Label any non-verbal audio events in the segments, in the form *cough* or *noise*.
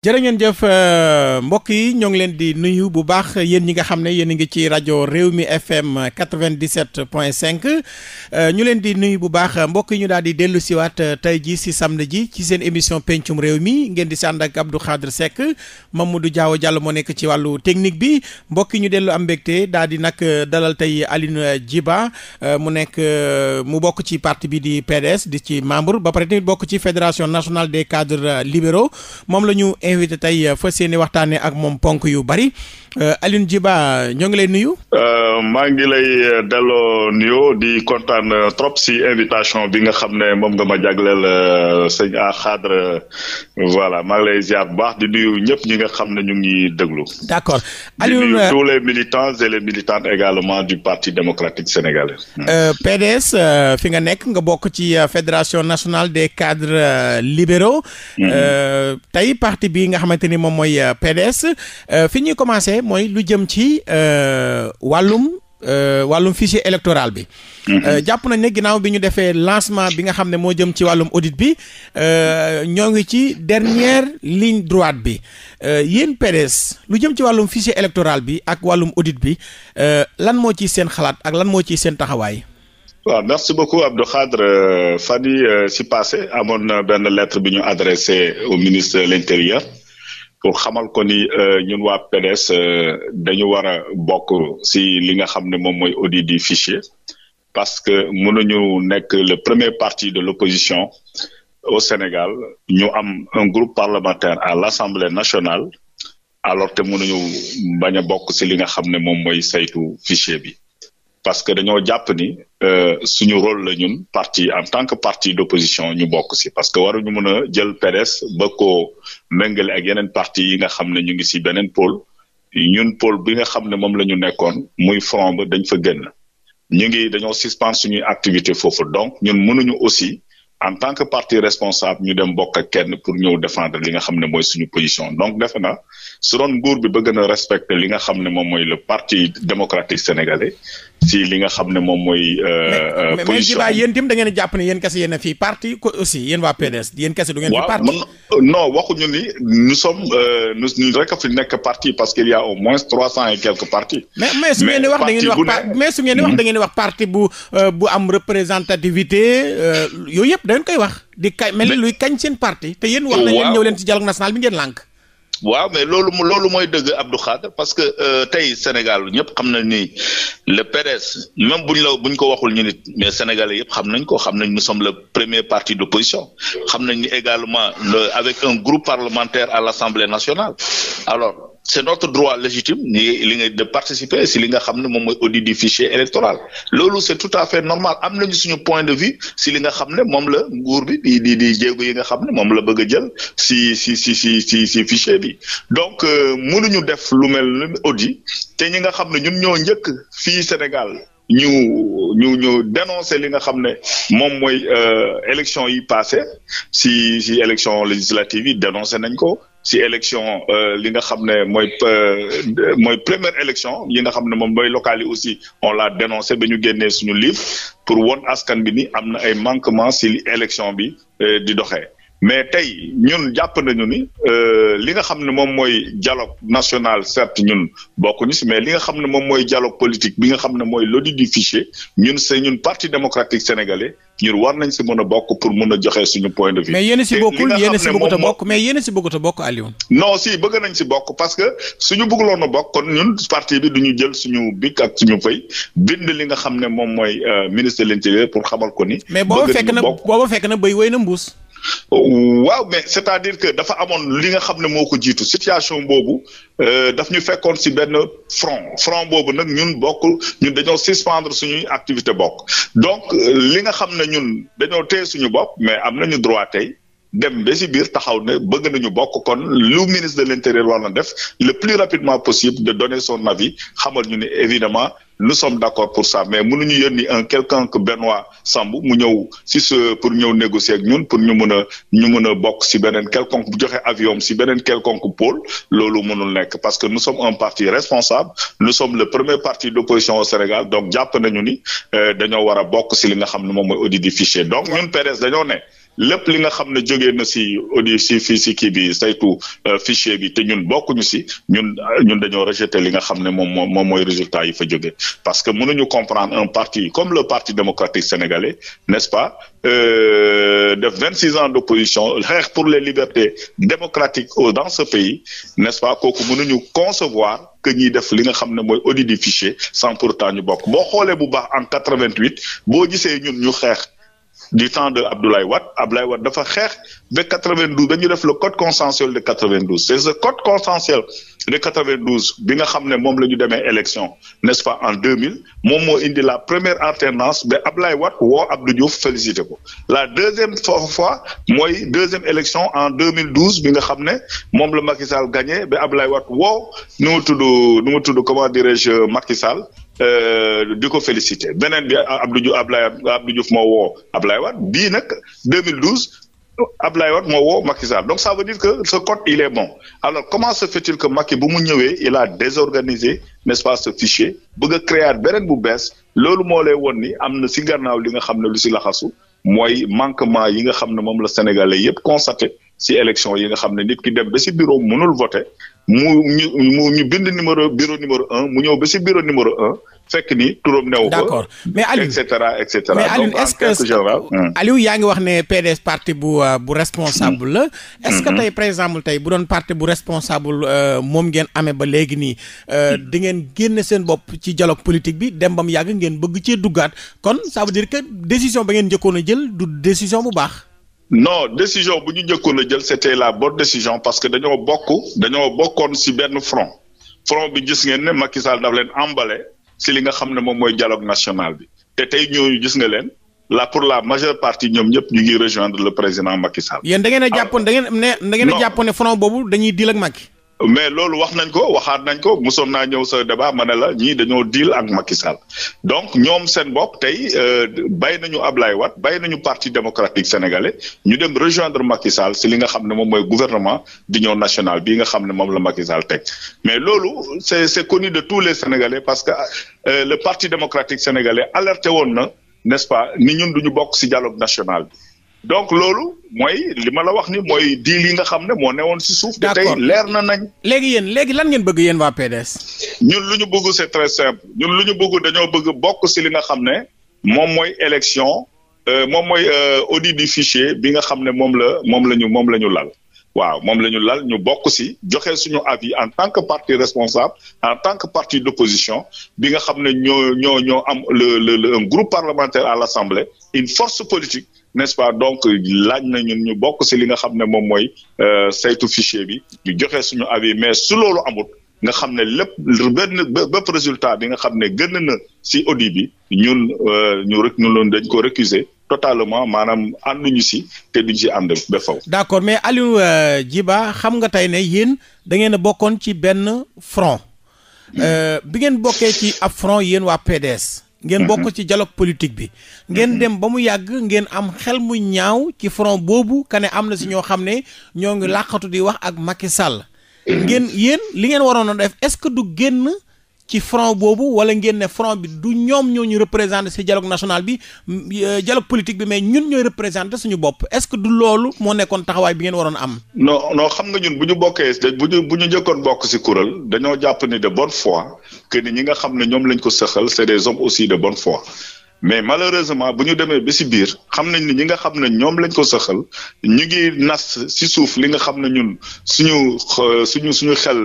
jërë ngeen jëf euh, mbokk yi ñoo ngi leen di nuyu bu baax yéen ñi nga xam ne yéen a ngi ci rajo réew mi FM 97 point 5 euh, ñu leen di nuyu bu baax mbokk yi ñu daal di dellu siwaat euh, tey ji si samedi ji ci seen émission pencum réew mi ngeen di si ànd ak Abdou Khadre Seck Mamadou Diaw jàll moo nekk ci wàllu technique bi mbokk yi ñu dellu am mbégte daal di nag dalal tey Alioune Djiba mu nekk mu bokk ci parti bi di PDS di ci membre ba pare tamit bokk ci fédération nationale des cadres libéraux moom invité tey euh, fas yéene waxtaanee ak moom ponk yu bari euh, Alioune Djiba ñoo ngi lay nuyu. Euh, maa ngi lay delloo nuyoo di kontaan trop si invitation bi nga xam ne moom nga ma jagleel sëñ a xadre voilà maa ngi lay ziar bu baax di nuyu ñëpp ñi nga xam ne ñu ngi déglu. d'accord Alioune di nuyu tous les militants et les militantes également du parti démocratique sénégalais. Hmm. PDS fi nga nekk nga bokk ci fédération nationale des cadres libéraux. Hmm. tey parti bi. bii nga xamante ni moom mooy euh, PDS euh, fi ñuy commencé mooy lu jëm ci euh, wàllum wàllum fichier électoral bi. Mhm. jàpp nañ ne ginnaaw bi ñu defee lancement bi nga xam ne moo jëm ci wàllum audit bi ñoo ngi ci dernière ligne droite bi yéen PDS lu jëm ci wàllum fichier électoral bi ak wàllum audit bi lan moo ci seen xalaat ak lan moo ci seen taxawaay. waaw merci beaucoup Abdou Khadre euh, fan yi euh, si passé amoon na benn lettre bi ñu adressé au ministre de l'intérieur pour xamal ko ni euh, ñun waa PDS dañu war a bokk si li nga xam ne moom mooy audit du fichier parce que mënuñu nekk le premier parti de l'opposition au Sénégal ñu am un groupe parlementaire à l'Assemblée nationale alors que mënuñu bañ a bokk si li nga xam ne moom mooy saytu fichier bi parce que dañoo jàpp ni euh, suñu rôle la ñun parti en tant que parti de position ñu bokk si parce que waruñu mën a jël PDS ba ko méngale ak yeneen parti yi nga xam ne ñu ngi si beneen pôle ñun pôle bi nga xam ne moom la ñu nekkoon muy front ba dañ fa génn ñu ngi dañoo suspendre suñuy activité foofu donc ñun mënuñu aussi en tant que parti responsable ñu dem bokk ak kenn pour ñëw défendre li nga xam ne mooy suñu position donc defe na su doon nguur bi bëgg na respecter li nga xam ne moom mooy le parti démocratique sénégalais si li nga xam ne moom mooy. position euh, euh, mais mais yéen tim da ngeen jàpp ne yéen kese yéen fii parti ko yéen waa PDS yéen kese ngeen. fi parti waaw non waxuñu euh, parti parce qu'il y a au moins trois cent et quelques mais mais su ngeen di wax ngeen di wax mais su ngeen di wax da ngeen di yooyu yëpp da ngeen koy wax. di kay mel ni luy kañ seen parti. te yéen wax na yéen ñëw leen ci dialogue national bi ngeen lànk. waaw mais loolu loolu mooy dëgg Abdou parce que euh, tey Sénégal ñëpp xam na ni le PDS même buñ la buñ ko waxul ñu nit mais Sénégalais yëpp xam nañ ko xam nañ nous sommes le premier parti d'opposition xam nañ ni également le avec un groupe parlementaire à l'Assemblée nationale alors c'est notre droit légitime ni li ngay de participer si li nga xam ne moom mooy audit du fichier électoral loolu c'est tout à fait normal am nañu suñu point de vie si li nga xam ne moom la nguur bi di di di jéego yi nga xam ne moom la bëgg a jël si si si si si si fichier bi donc euh, mënuñu def lu mel ni audit te ñi nga xam ne ñun ñoo njëkk fii Sénégal ñu ñu ñu dénoncer li nga xam ne moom mooy euh, élection yi passé si si élection législative yi dénoncé nañ ko si élection euh, li nga xam ne mooy euh, mooy première élection yi nga xam ne moom mooy locale yi aussi on l'a dénoncé ba ñu génnee suñu livre pour won askan bi ni am na ay manquement si élection bi euh, di doxe mais tey ñun jàpp nañu ni euh, li nga xam ne moom mooy dialogue national certes ñun bokkuñu si mais li nga xam ne moom mooy dialogue politique bi nga xam ne mooy l'audit du fichier ñun c'est ñun parti démocratique sénégalais ñun war nañ si mën bokk pour mën a joxe suñu point de vue. mais yéen si bokkul yéen bokk mais yéen si bëggut bokk Alioune. si bëgg nañ si bokk parce que suñu bëggoon a bokk kon ñun parti bi duñu jël suñu bik ak suñu fay bind li nga xam ne moom mooy euh, ministre de l'intérieur pour xamal ko ni. mais booba fekk na booba fekk na béy wéy na mbuus waaw mais c'est-à-dire que dafa amoon li nga xam ne moo ko jiitu situation boobu euh, daf ñu fekkoon ci benn front front boobu nag ñun bokk ñun dañoo suspendre suñuy activité bokk donc li nga xam ne ñun dañoo téye suñu bopp mais am nañu droit tey dem ba ci biir taxaw ne bëgg nañu bokk kon lu ministre de l'intérieur war na def le plus rapidement possible de donner son avis xamal ñu ne évidemment nous sommes d'accord pour ça mais mënuñu yónni un quelqu'un que Benoît Sambou mu ñëw si ce pour ñëw négocier ak ñun pour ñu mën a ñu mën a bokk si beneen quelconque bu joxe avion si beneen quelconque pôle loolu mënul nekk parce que nous som un parti responsable nous sommes le premier parti d'opposition au Sénégal donc jàpp nañu ni euh, dañoo war a bokk si li nga xam ne moom mooy audit du donc ñun PDS dañoo ne lépp li nga xam ne jógee na si audi si fii si kii bi saytu euh, fichier bi te ñun bokkuñu si ñun euh, ñun dañoo rejeté li nga xam ne moom moom mooy résultat yi fa jóge parce que mënuñu comprendre un parti comme le parti démocratique sénégalais n'est-ce pas euh, de vingt six ans d'opposition xeex pour les libertés démocratiques dans ce pays n'est-ce pas kooku mënuñu concevoir que ñuy def li nga xam ne mooy audi du fichier sans pourtant ñu bokk boo xoolee bu baax en quatre vingt boo gisee ñun ñu xeex du temps de Abdoulaye Wade Abdoulaye Wade dafa xeex ba 92 dañu def le code consensuel de 92 c'est ce code consensuel de 92 bi nga xam ne moom la ñu demee élection n'est-ce pas en 2000 moom moo indi la première alternance ba Abdoulaye Wade woo Abdou Diouf félicité ko la deuxième fois mooy deuxième élection en 2012 bi nga xam ne moom la Macky Sall gagné ba Abdoulaye Wade woo nu mu tudd nu mu tudd comment dirais-je Macky Euh, di ko félicité beneen bi Abdou Diouf Ablaye Abdou Diouf moo woo Ablaye Wade bii nag 2012 Ablaye Wade moo woo Macky Sall donc ça veut dire que ce code il est bon alors comment se que Macky bu mu ñëwee il a désorganisé n'est-ce pas fichier bëgg a créer beneen bu bees loolu moo lay woon ni am na si gannaaw li nga xam ne lu si laxasu mooy manquement yi nga xam ne moom la Sénégalais yëpp constaté si élection yi nga xam ne nit ki dem ba si bureau mënul voter mu ñu ñu bind numéro bureau numéro un mu ñëw ba si bureau numéro un fekk ni turam new ko. mais Aliou cetera et cetera. mais Aliou est-ce que yaa ngi wax ne PDS parti bu euh, bu responsable la. est que mm-hmm. tey par exemple tey bu doon parti bu responsable euh, moom ngeen amee ba léegi nii euh, di ngeen génne seen bopp ci dialogue politique bi dem bam mu yàgg ngeen bëgg cee duggaat kon ça veut dire que décision ba ngeen njëkkoon a jël du décision bu baax. non décision bu ñu njëkkoon a jël c'était la bonne décision parce que dañoo bokk dañoo bokkoon ci benn front front bi gis ngeen ne Macky Sall daf leen emballé si li nga xam ne moom mooy dialogue national bi te tey ñu gis nga leen la pour la majeure partie ñoom ñëpp ñu ngi rejoindre le président Macky Sall. yéen da ngeen a jàppoon da ne da ngeen a jàppoon ne front boobu dañuy diil ak mais loolu wax nañ ko waxaat nañ ko musoon naa ñëw sa débat ma ne la ñii dañoo deal ak Macky Sall donc ñoom seen bopp tey euh, bàyyi nañu Ablaye wat bàyyi nañu parti démocratique sénégalais ñu dem rejoindre Macky Sall si li nga xam ne moom mooy gouvernement d'union national bii nga xam ne moom la Macky Sall teg mais loolu c'est c'est connu de tous les sénégalais parce que euh, le parti démocratique sénégalais alerté woon na n'est-ce pas ni ñun duñu bokk si dialogue national donc loolu mooy li ma la wax ni mooy diil yi nga xam ne moo newoon si suuf. d'accord te leer na nañ. léegi yéen léegi lan ngeen bëgg yéen waa PDS. ñun lu ñu bëggu se très simple ñun lu ñu bëgg dañoo bëgg bokk si li nga xam ne moom mooy élection euh, moom mooy euh, audit du fichier bi nga xam ne moom la moom la ñu moom la ñu lal. waaw moom la ñu lal ñu bokk si joxe suñu avis en tant que parti responsable en tant que parti d'opposition bi nga xam ne ñoo ñoo ñoo am le le un groupe parlementaire à l'Assemblée une force politique. n'est-ce pas donc laaj na ñun ñu bokk si li nga xam ne moom mooy euh, saytu fichier bi ñu joxe suñu avis mais su loolu amut nga xam ne lépp benn bépp résultat bi nga xam ne gën na si audi bi ñun euh, ñu rek ñun dañ ko récuser totalement maanaam ñu si te duñ si am ànd ba faw. d'accord mais Aliou euh, Djiba xam nga tey ne yéen da ngeen a bokkoon ci benn front. bi ngeen bokkee ci ab front yéen waa PDS. ngeen bokk mhm. ci dialogue politique bi. ngeen mhm. dem ba mu yàgg ngeen am xel mu ñaaw ci front boobu kane am na si ñoo xam ne ñoo ngi làqatu di wax ak Macky Sall. Mhm. ngeen yéen li ngeen waroon a def est-ce que du génn. ci front boobu wala ngeen ne bi du ñoom ñoo ñu représenté si dialogue national bi euh, dialogue politique bi mais ñun ñooy représenté suñu bopp est-ce que du loolu moo nekkoon taxawaay bi ngeen waroon am. no non xam nga ñun bu ñu bokkee bu ñu bu ñu njëkkoon bokk ci kuréel dañoo jàpp ni de bon foi que ni ñi nga xam ne ñoom lañ ko sëxal c'est des hommes aussi de bonne foi. mais malheureusement bu ñu demee ba si biir xam nañ ni ñi nga xam ne ñoom lañ ko sëxal ñu ngi nas ci suuf li nga xam ne ñun suñu euh, suñu suñu xel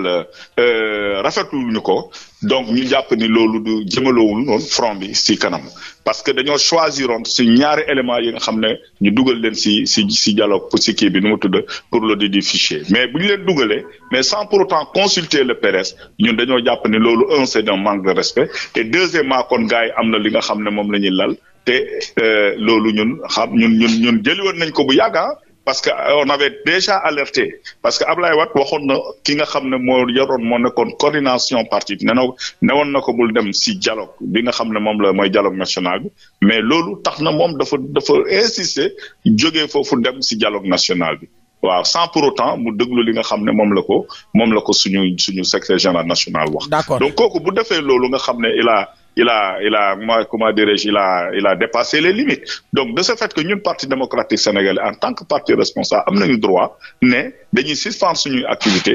euh, rafetlu ko donc ñu jàpp ni loolu du jëmaloowul noonu front bi si kanam parce que dañoo choisiroon si ñaari éléments yi nga xam ne ñu dugal leen si si si dialogue pour si kii bi nu mu tudd pour di du fichier mais bu ñu leen dugalee mais sans pour autant consulter le PRS ñun dañoo jàpp ni loolu un c'est un manque de respect et deuxièmement kon gars yi am na li nga xam ne moom la ñuy lal te euh, loolu ñun xam ñun ñun ñun jëliwoon nañ ko bu yàgg ah. parce que euh, on avait déjà alerté parce que Ablaye Wade waxoon na ki nga xam ne moo yoroon moo nekkoon coordination parti bi ne newoon na ko bul dem si dialogue bi nga xam ne moom la mooy dialogue national bi mais loolu tax na moom dafa dafa insister jógee foofu dem si dialogue national bi waaw sans pour autant mu déglu li nga xam ne moom la ko moom la ko suñu suñu secrétaire général national wax. d'accord donc kooku bu defee loolu nga xam ne il il a il a comment dirais-je il a dépassé les limites donc de ce fait que ñun parti démocratique sénégalais en tant que parti responsable am nañu droit ne dañuy suspendre suñuy activité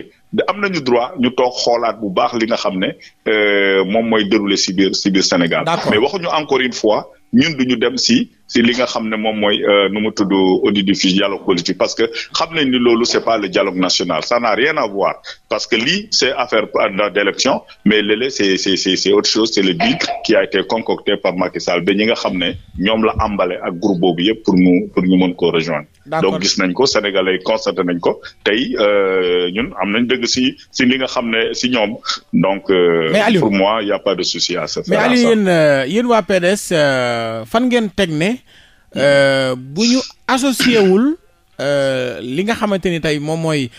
am nañu droit ñu toog xoolaat bu baax li nga xam ne euh, moom mooy déroulé si biir si biir Sénégal. mais waxuñu encore une fois. ñun duñu dem si si li nga xam ne moom mooy euh, nu mu tudd audit du fiche dialogue politique parce que xam nañ ni loolu c'est pas le dialogue national ça n'a rien à voir parce que lii c'est affaire d'élection mais léeg-léeg c'est autre chose c'est le deal qui a été concocté par Macky Sall ba ñi nga xam ne ñoom la ambale ak groupe boobu yëpp pour mu pour ñu mën koo rejoindre donc gis nañ ko sénégale yi constaté nañ ko tey euh, ñun am nañ dëgg si si li nga xam ne si ñoom donc. Euh, mais Aliou pour moi y' a mais Aliou yéen euh, yéen waa PDS fan ngeen teg ne bu ñu associé wul. li nga xamante ni tey moom mooy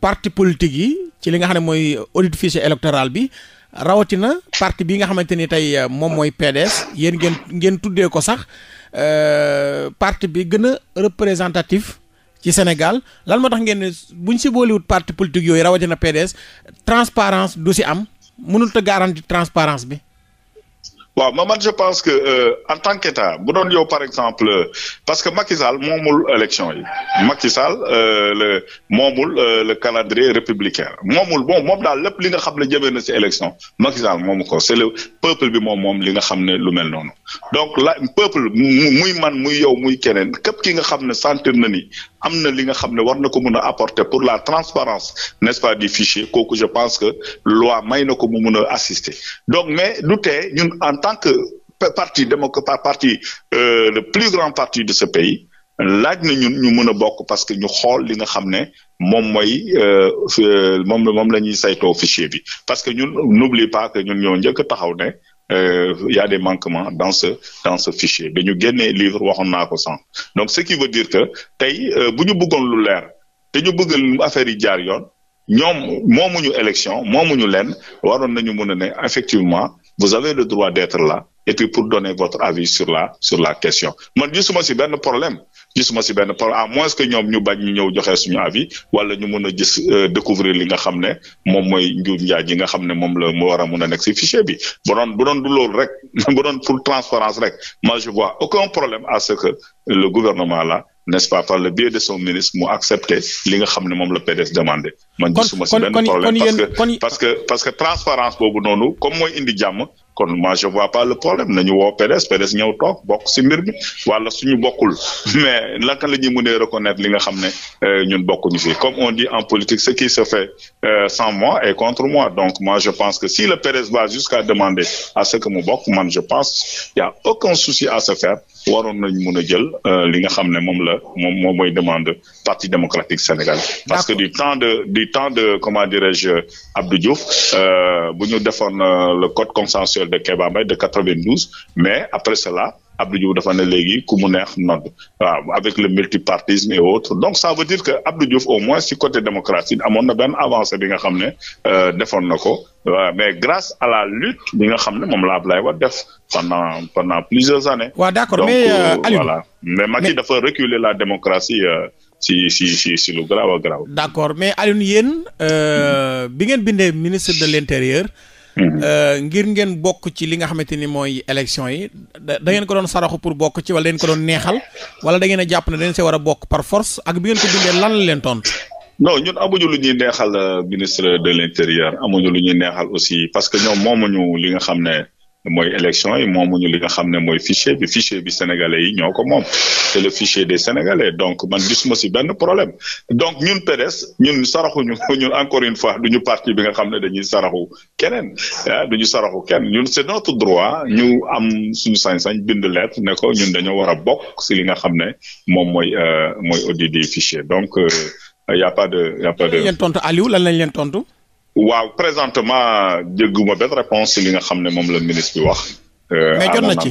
parti politique yi ci li nga xam ne mooy audit fichier bi rawatina parti bi nga xamante ni tey moom mooy PDS yéen ngeen ngeen tuddee ko sax Euh, parti bi gën a représentatif ci Sénégal lan moo tax ngeen ne buñ si boolewut parti politique yooyu rawatina pedes transparence du si am mënut a garanti transparence bi waaw ma man je pense que euh, en tant que bu doon yow par exemple parce que Macky Sall moomul élection yi Macky Sall euh, le moomul euh, le calendrier républicain moomul bon moom daal lépp li nga xam ne jamee na ci élection Macky Sall moomu ko c'est le peuple bi moom moom li nga xam ne lu mel noonu donc la peuple muy man muy yow muy keneen képp ki nga xam ne sentir na ni am na li nga xam ne war na ko mun a apporter pour la transparence n'est-ce pas du fichier kooku je pense que loi may na ko mu mun a assister donc mais du tee ñun en tant que parti démocrate parti euh, le plus grand parti de ce pays laaj na ñun ñu mën a bokk parce que ñu xool li nga xam ne moom mooy euh, euh, moom moom la ñuy saytoo fichier bi parce que ñun n'oublie pa que ñun ñoo njëkk taxaw ne il euh, y a des manquements dans ce dans fichier ba ñu génnee livre waxoon naa ko sànq donc ce qui veut dire que tey euh, bu ñu bëggoon lu leer te ñu bëgg affaire yi jaar yoon ñoom moomuñu élection moomuñu leen waroon nañu mën a ne effectivement vous avez le droit d'être la et puis pour donner votre avis sur la sur la question man gisuma ci benn problème gisuma si benn problème à moins que ñoom ñu bañ ñu ñëw joxe suñu avis wala ñu mun a gis euh, découvrir li nga xam ne moom mooy njuuj njaaj nga xam ne moom la mu war a mun a nekk si fichier bi bu doon bu rek *laughs* bu doon pour transparence rek moi je vois aucun problème à ce que le gouvernement là n'est-ce pas le biais de son ministre mu accepté li nga xam ne moom la PDS demandé. man gisuma si benn problème parce que parce que parce que transparence boobu noonu comme mooy indi jàmm. kon moi je vois pas le problème nañu woo PDS PDS ñëw toog bokk si mbir mi wala suñu bokkul *laughs* mais naka la ñuy mënee reconnaître li nga xam ne euh, ñun bokkuñu fi comme on dit en politique ce qui se fait euh, sans moi est contre moi donc moi je pense que si le PDS va jusqu'à demander à ce que mu bokk man je pense y a aucun souci à se faire waroon nañ mën a jël euh, li nga xam ne moom la moom moom mooy demande parti démocratique sénégalais parce que du temps de temps de comment dirais-je Abdou Diouf bu ñu defoon le code consensuel de Kéba Mbaye de 92 mais après cela Abdou Diouf dafa ne ku mu neex nodd waaw avec le multipartisme et autres donc ça veut dire que Abdou Diouf au moins si côté démocratie amoon na benn avancée bi nga xam ne euh, defoon na ko waaw mais grâce à la lutte bi nga xam ne moom la Ablaye Wade def pendant pendant plusieurs années. waaw d'accord mais euh, euh, voilà mais Macky dafa reculer la démocratie. si si si si lu garaaw a garaaw. d'accord mais Alioune yéen bi ngeen bindee ministre de l'intérieur. Mm-hmm. Euh, ngir ngeen bokk ci li nga xamante ni mooy élection yi da ngeen ko doon saraxu pour bokk ci wala da ko doon neexal wala da ngeen a jàpp ne da ngeen war a bokk par force ak bi ngeen ko bindee lan la leen tontu. non ñun amuñu lu ñuy neexal euh, ministre de l' intérieur amuñu lu ñuy neexal aussi parce que ñoom moom ñu li nga xam ne mooy élection yi ñu li nga xam ne mooy fichier bi fichier bi sénégalais yi ñoo ko moom c'est le fichier des sénégalais donc man gisuma si benn problème donc ñun PDS ñun saraxuñu *laughs* ñun ñu une fois duñu parti bi nga xam ne dañuy saraxu keneen ah duñu saraxu kenn ñun c'est notre droit ñu am suñu sañ-sañ bind lettre ne ko ñun dañoo war a bokk si li nga xam ne moom mooy euh, mooy audit des fichiers donc euh, y a pas de y a pas de. lan lañ leen tontu. waaw présentement dégguma benn réponse li nga xam ne moom la ministre bi wax. Euh, mais jot na ci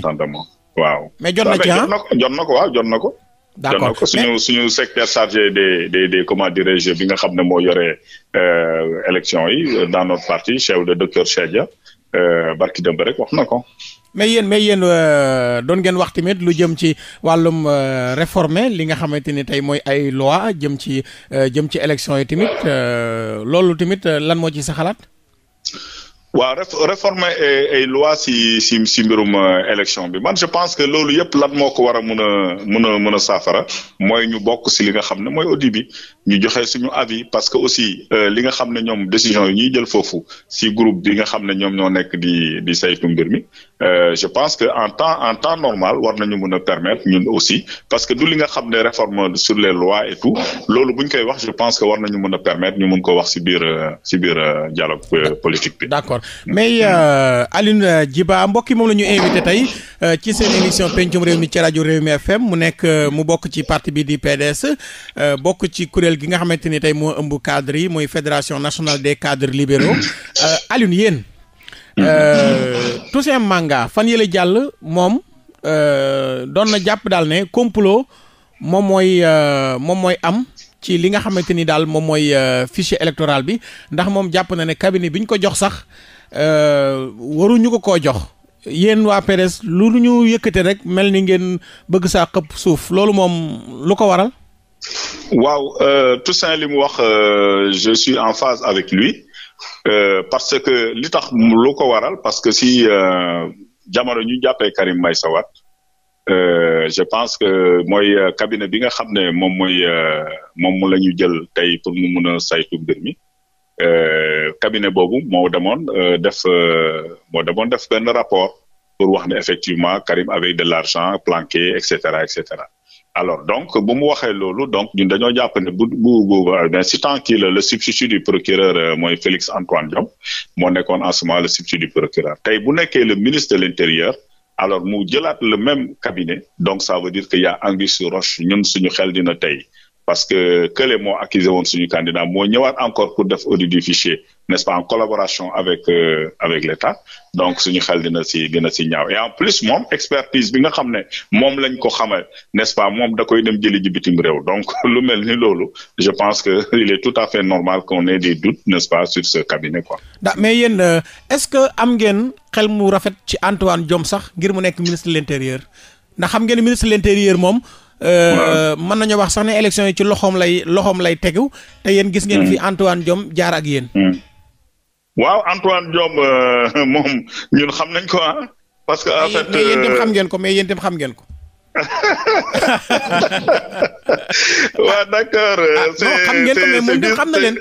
waaw. mais jot na ah, ci ah. jot na ko waaw jot na ko. d'accord jot suñu suñu secteur chargé des des des comment dirais-je bi nga xam ne moo yore euh, élection yi euh, dans notre parti chef de docteur Chedia barki demb rek wax na ko. mais yéen mais yéen euh, doon ngeen wax tamit lu jëm ci wàllum euh, réformer li nga xamante ni tey mooy ay loi jëm ci euh, jëm ci élection yi tamit loolu tamit lan moo ci sa xalaat. waaw réformer ay loi si si si mbirum élection bi man je pense que loolu yëpp lan moo ko war a mun a mun a mun a saafara mooy ñu bokk si li nga xam ne mooy audit bi ñu joxe suñu avis parce que aussi euh, li nga xam ne ñoom décision yi ñuy jël foofu si groupe bi nga xam ne ñoom ñoo nekk di di saytu mbir mi euh, je pense que en temps en temps normal war nañu mën a permettre ñun aussi que du li nga xam ne réforme sur les lois et tout loolu ñu koy wax je pense que war nañu mën a permettre ñu mën ko wax si euh, dialogue politique bi. d' accord mais Alioune Djiba mbokk yi moom la ñu invité tey ci seen émission pencum réew mi ci rajo Réew mi FM mu nekk mu bokk ci parti bi di PDS bokk ci kuréel. ki nga xamante ni tey moo ëmb cadre yi mooy fédération nationale des cadres libéraux *coughs* euh, Alioune yéen mm-hmm. euh, Toussaint Manga fan yële jàll moom euh, doon na jàpp daal ne complot moom mooy moom mooy am ci li nga xamante ni daal moom mooy fichier électoral bi ndax moom jàpp na ne cabinet bi ñu ko jox sax waruñu ko koo jox yéen waa PDS lu ñu yëkkate rek mel ni ngeen bëgg saa xëpp suuf loolu moom lu ko waral waaw euh, Toussaint li mu wax euh, je suis en phase avec lui euh, parce que li tax lu ko waral parce que si euh, jamono ñu jàppee Karim Meïssa Wade je pense que mooy cabinet bi nga xam ne moom mooy moom mu la ñu jël tey pour mu mun a saytu mbir mi cabinet boobu moo demoon def moo demoon def benn rapport pour wax ne effectivement Karim avait de l'argent planqué et cetera et cetera alors donc bu mu waxee loolu donc ñun dañoo jàpp ne bu bu bu eh si tant kii la le substitut du procureur eh, mooy Félix Antoine Diome moo nekkoon en ce moment le du procureur tey bu nekkee le ministre de l'intérieur alors mu jëlaat le même cabinet donc ça veut dire que y a anguille sous roche ñun suñu xel dina tey parce que kële moo accusé woon suñu candidat moo ñëwaat encore pour def audit du fichier n'est-ce pas en collaboration avec euh, avec l'État donc suñu xel dina si dina si ñaaw en plus moom expertise bi nga xam ne moom lañ ko xamal n'est-ce pas moom da koy dem jëli ji bitim réew donc *laughs* lu mel ni loolu je pense que *laughs* il est tout à fait normal qu'on ait des doutes n'est-ce pas sur ce cabinet quoi. da mais yéen euh, est-ce que am ngeen xel mu rafet ci Antoine jom sax ngir mu nekk ministre de l'intérieur ndax xam ngeen ministre de l'intérieur moom. Euh, mën nañu wax sax ne élection ci loxoom lay loxoom lay tegu te yéen gis ngeen fi mm. Antoine Diome jaar ak yéen. Mm. waaw Antoine Diome euh, *laughs* moom ñun xam nañ ko ah. parce que en fait mais euh, xam ngeen ko mais yéen itam xam ngeen ko. waa *laughs* d'accord. Euh, ah, c'est xam moom itam xam na leen.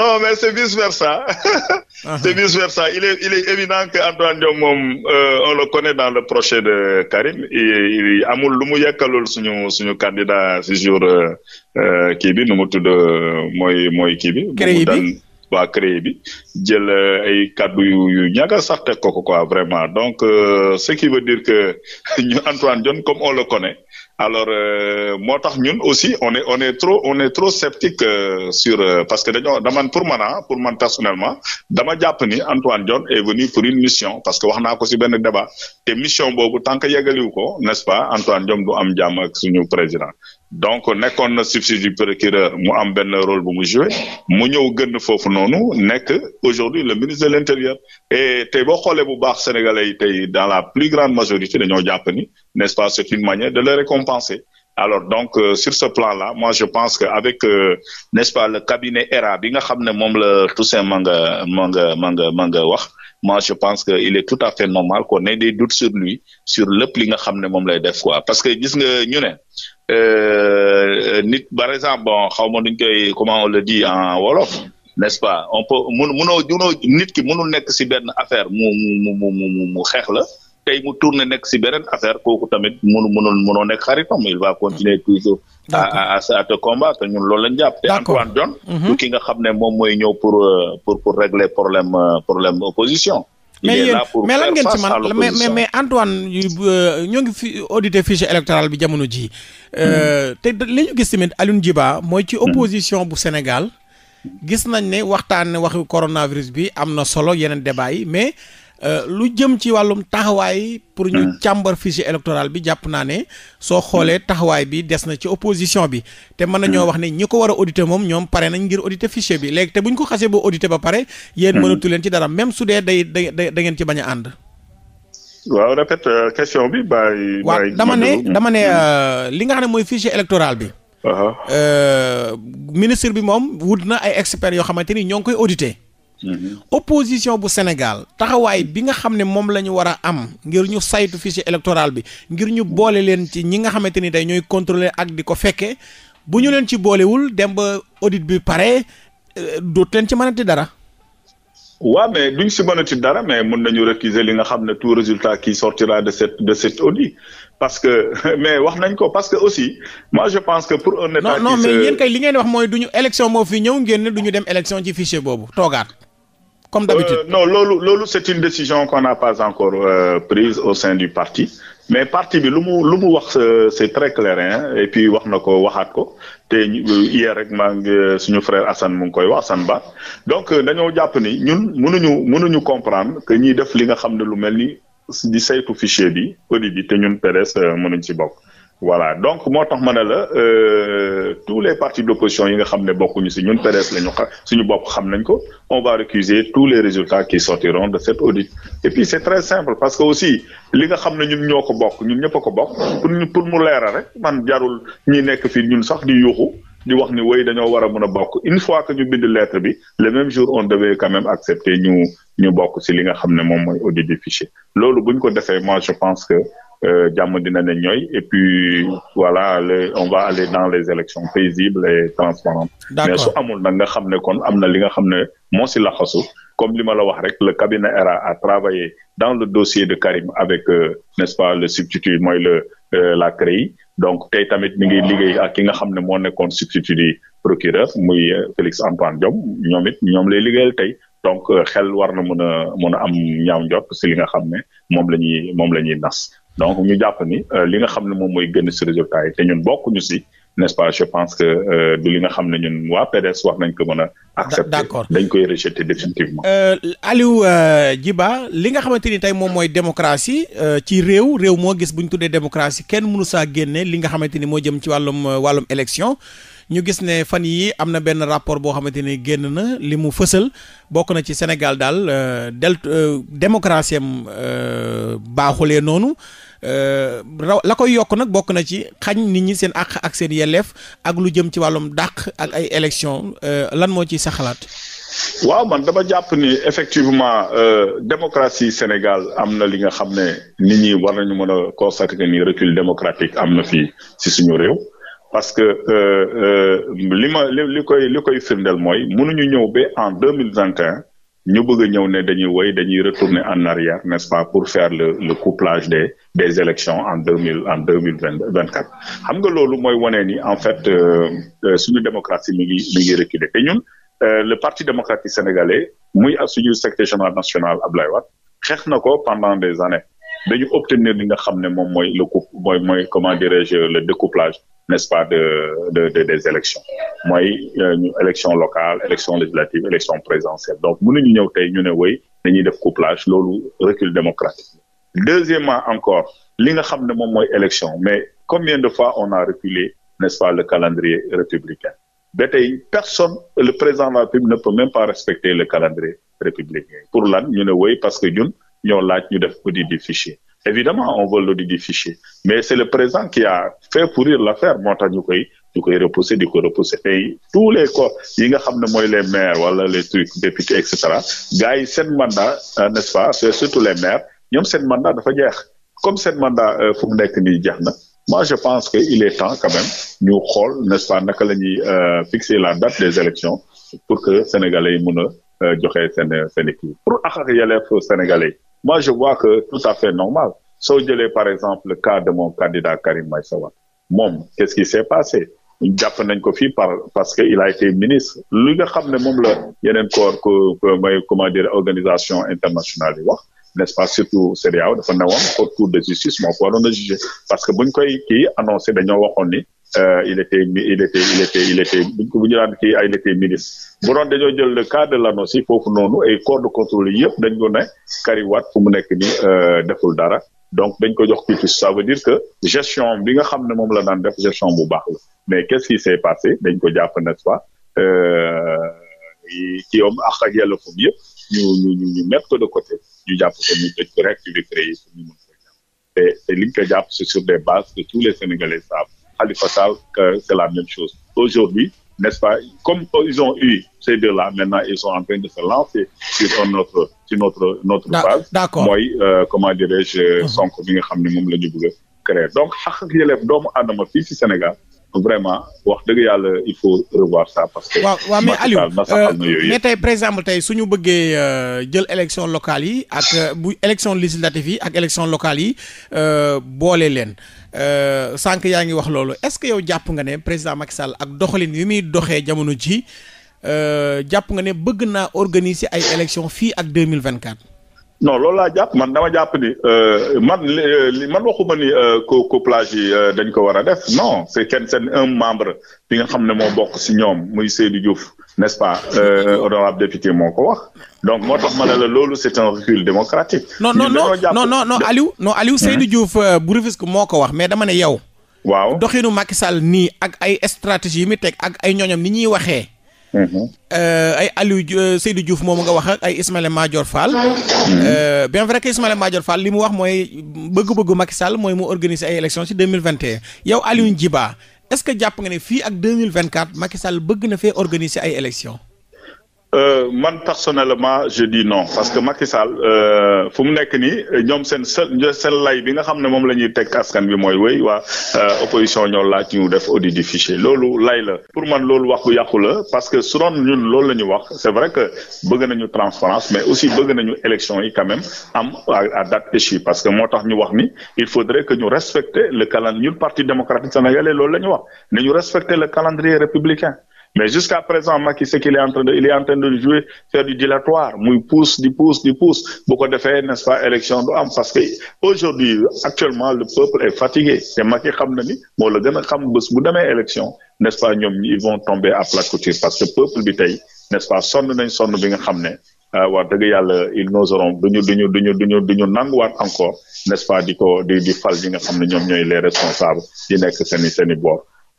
non mais c'est vice versa. Uh-huh. *laughs* c'est vice versa il il est évident que Antoine Diome moom on le connaît dans le projet de Karim amul lu mu yekkalul suñu suñu candidat si jour kii bi nu mu tudd mooy mooy kii bi. créé bi waa CREI bi jël euh, ay kaddu yu yu ñaaga sax teg ko ko vraiment donc euh, ce qui veut dire que *laughs* ñu Antoine Diome comme on le connaît alors euh, moo tax ñun aussi on est on est trop on est trop sceptique sur parce que dañoo daman pour man ah pour man personnellement dama jàpp ni Antoine Diome est venu pour une mission parce que wax naa ko ci benn débat te mission boobu tant que yeggaliwu ko n'est-ce pas Antoine Diome am jàmm ak suñu président donc nekkoon na substitut du procureur mu am benn rôle bu mu joué mu ñëw gën foofu noonu nekk aujourd'hui le ministre de l'intérieur et tey boo xoolee bu baax sénégalais yi tey dans la plus grande majorité dañoo jàpp ni n'est-ce pas c'est une manière de le récompenser alors donc euh, sur ce plan-là moi je pense que avec euh, n'est-ce pas le cabinet ERA bi nga xam ne moom la Toussaint Manga Manga Manga Manga wax moi je pense que il est tout à fait normal qu'on ait des doutes sur lui sur lépp li nga xam ne moom lay def quoi parce que gis nga ñu ne Euh, nit par exemple bon xaw ma nuñ koy comment on le dit en wolof n'est-ce pas on peut mun munoo munoo nit ki munul nekk si benn affaire mu mu mu mu mu xeex la tey mu tourné nekk si beneen affaire kooku tamit munu munul munoo nekk xaritam il va continuer toujours. à à te combattre ñun loolu lañ jàpp. te Antoine Diome. Mhm. du ki nga xam ne moom mooy ñëw pour euh, pour pour régler problème euh, problème opposition. il mais est là pour mais lan ngeen ci man mais Antoine euh, ñoo ngi fi audité fichier électoral bi jamono ji euh, te li ñu gis tamit Alioune mooy ci opposition bu Sénégal gis nañ ne waxtaan waxu coronavirus bi am na solo yeneen débat yi mais. Euh, lu jëm ci wàllum taxawaay. pour ñu hmm. càmbar fichier électoral bi jàpp naa ne. soo xoolee hmm. taxawaay bi des na ci opposition bi. te mën nañoo hmm. wax ne ñi ko war a auditer moom ñoom pare nañ ngir auditer fichier bi léegi te bu ñu ko xasee boo auditer ba pare. yéen mënatu leen ci dara même su dee day day da ci bañ a ànd. waaw euh, question bi bàyyi. waaw dama ne dama ne euh, li nga xam ne mooy fichier électoral bi. Uh-huh. ministre bi moom wut na ay experts yoo xamante ni ñoo ngi koy auditer. Mhm. opposition bu Sénégal taxawaay bi nga xam ne moom la ñu war a am ngir ñu saytu fichier électoral bi ngir ñu boole leen ci ñi nga xamante ni tey ñooy contrôler ak di ko fekkee bu ñu leen ci boolewul dem ba audit bi pare euh, doot leen ci mënati dara. waaw mais duñ si mënati dara mais mën nañu récuser li nga xam ne tout résultat qui sortira de cette de que *laughs* mais wax nañ ko parce que aussi moi que pour un état li ngeen wax mooy duñu élection moo fi ñëw ngeen du ñu dem élection ci fichier boobu toogaat. comme d'habitude euh, non loolu loolu c'est une décision qu'on n'a pas encore euh, prise au sein du parti mais parti bi lu mu lu mu wax euh, c'est très clair hein et puis wax na ko waxaat ko te hier rek maa ngi suñu frère assan mu ngi koy wax san Ba donc dañoo jàpp ni ñun mënuñu mënuñu comprendre que ñiy def li nga xam ne lu mel ni di saytu fichier bi audit bi te ñun PDS mënuñ ci bokk. voilà donc moo tax ma ne la euh, tous les partis d'opposition yi nga xam ne bokkuñu si ñun PDS la ñu xam suñu bopp xam nañ ko on va récuser tous les résultats qui sortiront de cet audit et puis c'est très simple parce que aussi li nga xam ne ñun ñoo ko bokk ñun ñëpp a ko bokk pour ñu pour mu leeral rek man jarul ñi nekk fii ñun sax di yuuxu di wax ni woy dañoo war a mën a bokk une fois que ñu bind lettre bi le même jour on devait quand même accepter ñu ñu bokk si li nga xam ne moom mooy audit loolu buñ ko defee moi je pense que Euh, jàmm dina ne ñooy et puis voilà le, on va aller dans les élections paisibles et transparentes mais su amul nag nga xam ne kon am na li nga xam ne moo si laxasu comme li ma la wax rek le cabinet ERA a travaillé dans le dossier de Karim avec euh, n'est-ce pas le substitut mooy le euh, la CREI donc tey tamit mi ngi liggéey ak ki nga xam ne moo nekkoon substitut di procureur muy euh, Félix Antoine Diome ñoom it ñoom lay liggéeyal tey donc xel war na mën a mën a am ñaaw njot si li nga xam ne moom la ñuy moom la ñuy nas donc ñu jàpp ni euh, li nga xam ne moom mooy gën si résultat yi te ñun bokkuñu si nest pas je pense que euh, du li nga xam ne ñun waa PDS wax nañ ko mën a ah, accepté d'accord dañ koy rejeté définitivement euh, Aliou Djiba li nga xamante ni tey moom mooy démocratie ci réew réew moo gis bu ñu tuddee démocratie kenn mënu saa génnee li nga xamante ni moo jëm ci wàllum wàllum élection ñu gis ne fan yi am na benn rapport boo xamante ni génn na li mu fësal bokk na ci senegal daal euh, del euh, démocratie am euh, baaxulee noonu raw la koy yokk nag bokk na ci xañ nit ñi seen àq ak seen yelleef ak lu jëm ci wàllum dàq ak ay élection lan moo ci sa xalaat waaw man dama jàpp ni effectivement démocratie Sénégal am na li nga xam ne nit ñi war nañu mën a constater que ni recul am na fii si suñu réew parce que euh, euh, li ma li li koy li koy firndeel mooy mun ñu ñëw ba en deux mille vingt et un ñu bëgg ñëw ne dañuy woy dañuy retourner en arrière n'est-ce pas pour faire le le couplage des des élections en deux mille en deux mille vingt quatre xam nga loolu mooy wone ni en fait euh, suñu démocratie mi ngi mi ngi reculer te ñun le parti démocratique sénégalais muy ak suñu secrétaire général national Abdoulaye Wade xeex na ko pendant des années dañu obtenir li nga xam ne moom mooy le coup mooy mooy comment dirais-je le découplage n'est-ce pas de de, de des élections mooy euh, ñu élection locale élection législative élection présidentielle donc mënuñu ñëw tey ñu ne woy dañuy def couplage loolu recul démocratique deuxièmement encore li nga xam ne moom mooy élection mais combien de fois on a reculé n'est-ce pas le calendrier républicain ba tey personne le président de la République ne peut même pas respecter le calendrier républicain pour lan ñu ne woy parce que ñun ñoo laaj ñu def audit du fichier évidemment on veut l'audit du fichier mais c'est le présent qui a fait pourrir l'affaire moo tax ñu koy ñu koy repousser di ko repousser tey tous les corps yi nga xam ne mooy les maires wala les trucs députés et cetera gars yi seen mandat euh, n'est-ce pas surtout les maire ñoom seen mandat dafa jeex comme seen mandat euh, fu mu nekk nii jeex na moi je pense que il est temps quand même ñu xool n'est-ce pas naka la ñuy euh, fixer la date des élections pour que sénégalais yi mën a joxe seen pour ak ak yelleef sénégalais moi je vois que tout à fait normal soo jëlee par exemple le cas de mon candidat Karim Meïssa Wade moom qu'est-ce qui s'est passé jàpp nañ ko fii parce que a été ministre li nga xam ne moom la yeneen corps que mooy comment dire organisation internationale yi wax n'est-ce pas surtout CEDEAO dafa newoon cour de justice moo ko waroon parce que buñ koy kii annoncé dañoo waxoon Euh, il était il était il était il était bu ñu naan kii ay il était ministre bu doon dañoo jël le cas de l'annonce aussi foofu noonu ay corps de contrôle yëpp dañ ko ne Karim Wade fu mu nekk ni euh, deful dara donc dañ ko jox kiitu ça veut dire que gestion bi nga xam ne moom la daan def gestion bu baax la mais qu'est-ce qui s'est passé dañ ko jàpp n'est-ce pas kii euh, am ak ak yàlla yëpp ñu ñu ñu ñu ko de côté ñu jàpp ko ñu tëj ko rek ñu créé pour ñu mën te liñ ko jàpp c'est sur des bases que tous les Sénégalais Khalifa Sall que c'est la même chose. Aujourd'hui, n'est-ce pas, comme ils ont eu ces deux-là, maintenant ils sont en train de se lancer sur notre sur notre notre base. D'accord. mooy euh, comment dirais-je. Uh-huh. Sonko bi nga xam ne moom la ñu bëgg a créer donc xaq ak yelleef doomu aadama fii ci Sénégal. vraiment wax dëgg yàlla il faut revoir ça parce que. waaw mais Aliou euh, mais tey par exemple tey suñu ñu bëggee euh, jël élection locale yi ak euh, bu élection législative yi ak élection locale yi boole leen sànq yaa ngi wax loolu est-ce que yow jàpp nga ne président Macky Sall ak doxalin yi muy doxee jamono ji jàpp nga ne bëgg naa organiser ay élection fii ak deux mille vingt-quatre non loolu laa jàpp man dama jàpp ni euh, man euh, li man waxuma ni ko euh, ko plage yi dañ ko war a def non c'est kenn seen un membre fi nga xam ne moo bokk si ñoom muy Seydou Diouf n'est-ce pas honorable député moo ko wax donc moo tax ma ne la loolu c'est un recul démocratique. non non non non non Aliou non Aliou bu Rufisque moo ko wax mais dama ne yow. waaw doxinu Macky Sall nii ak ay stratégie yi mu teg ak ay ñooñam ni ñuy waxee. Mm-hmm. Euh, ay Aliou euh, Seydou Diouf moomu nga wax ay Ismaïla Madior Fall. Mm-hmm. Euh, bien vrai que Ismaïla Madior Fall li mu wax mooy bëgg-bëggu Macky Sall mooy mu organiser ay élections ci deux mille vingt et un yow Aliou Djiba est-ce jàpp nga ne fii ak deux mille vingt quatre Macky Sall bëgg na fee organiser ay élections. Euh, man personnellement je dis non parce que Macky Sall euh, fu mu nekk nii ñoom seen seen lay bi nga xam ne moom la ñuy teg askan bi mooy wéy waa euh, opposition ñoo laaj ñu def audit du fichier loolu lay la pour man loolu waxu yàqu la parce que su doon ñun loolu la ñu wax c'est vrai que bëgg nañu transparence mais aussi bëgg nañu élection yi quand même am à date échue parce que moo tax ñu wax ni il faudrait que ñu respecter le calendrier ñun parti démocratique sénégalais la ñu wax nañu respecter le calendrier républicain Mais jusqu'à présent, Macky, ce qu'il est en train de, jouer, faire du dilatoire, muy pousse, di pousse, di pousse. Bu ko defee, n'est-ce pas, élection du am parce que aujourd'hui, actuellement, le peuple est fatigué. te Macky xam na ni moo la gën a xam bés bu demee élection, n'est-ce pas, ñoom ils vont tomber à plat couture parce que peuple bi tey, n'est-ce pas, sonn nañ sonn bi nga xam ne. Euh, wax dëgg yàlla ils n'oseront duñu duñu duñu duñu duñu nanguwaat encore n'est-ce pas di ko di di fal ñi nga xam ne ñoom ñooy les responsables di nekk seen i seen i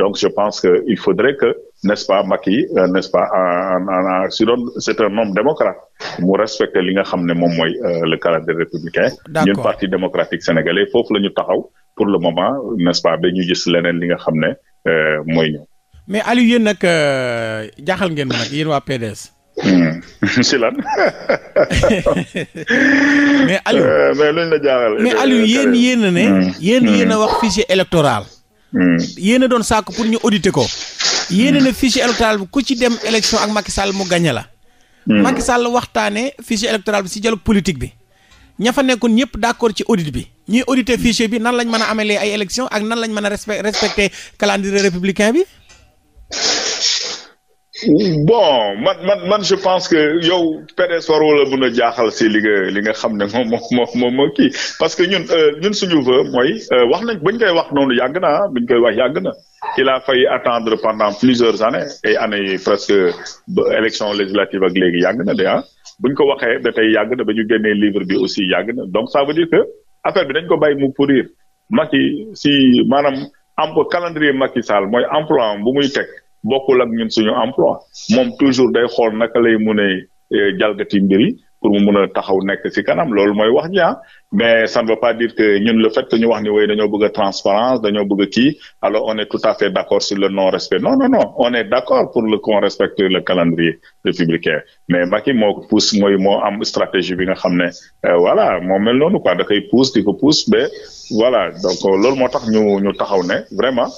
donc je pense que il faudrait que n'est-ce pas Macky euh, n'est-ce pas en en su doon c'est un homme démocrate mu respecter li nga xam ne moom mooy euh, le calendrier républicain. d'accord ñun parti démocratique sénégalais foofu la ñu taxaw pour le moment n'est-ce pas ba ñu gis leneen li nga xam ne euh, mooy ñëw. mais Aliou yéen nag jaaxal ngeen ma nag yéen waa PDS. Hmm. *laughs* si *laughs* mais Aliou mais luñ la jaaxal. ne. Hmm. yéen yéen hmm. wax fichier électoral. yéen a doon sàkk pour ñu audité ko. yéen ne fichier électoral bi ku ci dem élection ak Macky Sall mu gagné la. Hmm. Macky Sall waxtaanee fichier électoral bi si dialogue politique bi. ña fa nekkoon ñëpp d'accord ci audit bi. ñuy auditer fichier bi nan lañ mën a amalee ay élection ak nan lañ mën a respecté calendrier républicain bi. bon man man man je pense que yow PDS waroo la mën a jaaxal si li nga li nga xam ne moom moom moom moo kii parce que ñun euh, ñun suñu vœu mooy euh, wax nañ bañ koy wax noonu yàgg na bañ koy wax yàgg na il a failli attendre pendant plusieurs années ay années presque élection législative ak léegi yàgg na de ah buñ ko waxee ba tey yàgg na ba ñu génnee livre bi aussi yàgg na donc ça veut dire que affaire bi dañ ko bàyyi mu pourrir Macky si maanaam emploi calendrier Macky Sall mooy emploi bu muy teg. bokkul ak ñun suñu emploi moom toujours day xool naka lay mun a eh, jalgati mbir yi pour mu mun a taxaw nekk ci kanam loolu mooy wax ji ah. mais ça ne veut pas dire que ñun ñu wax ni woy dañoo bëgg a transparence dañoo bëgg a kii alors on est tout à fait d'accord sur le non respect non non non on est d'accord pour le qu'on respecte le calendrier républicain mais Macky moo pousse mooy moo am stratégie bi nga xam ne euh, voilà moo mel noonu quoi da koy pousse di ko pousse ba voilà donc euh, loolu moo tax ñu ñu taxaw ne vraiment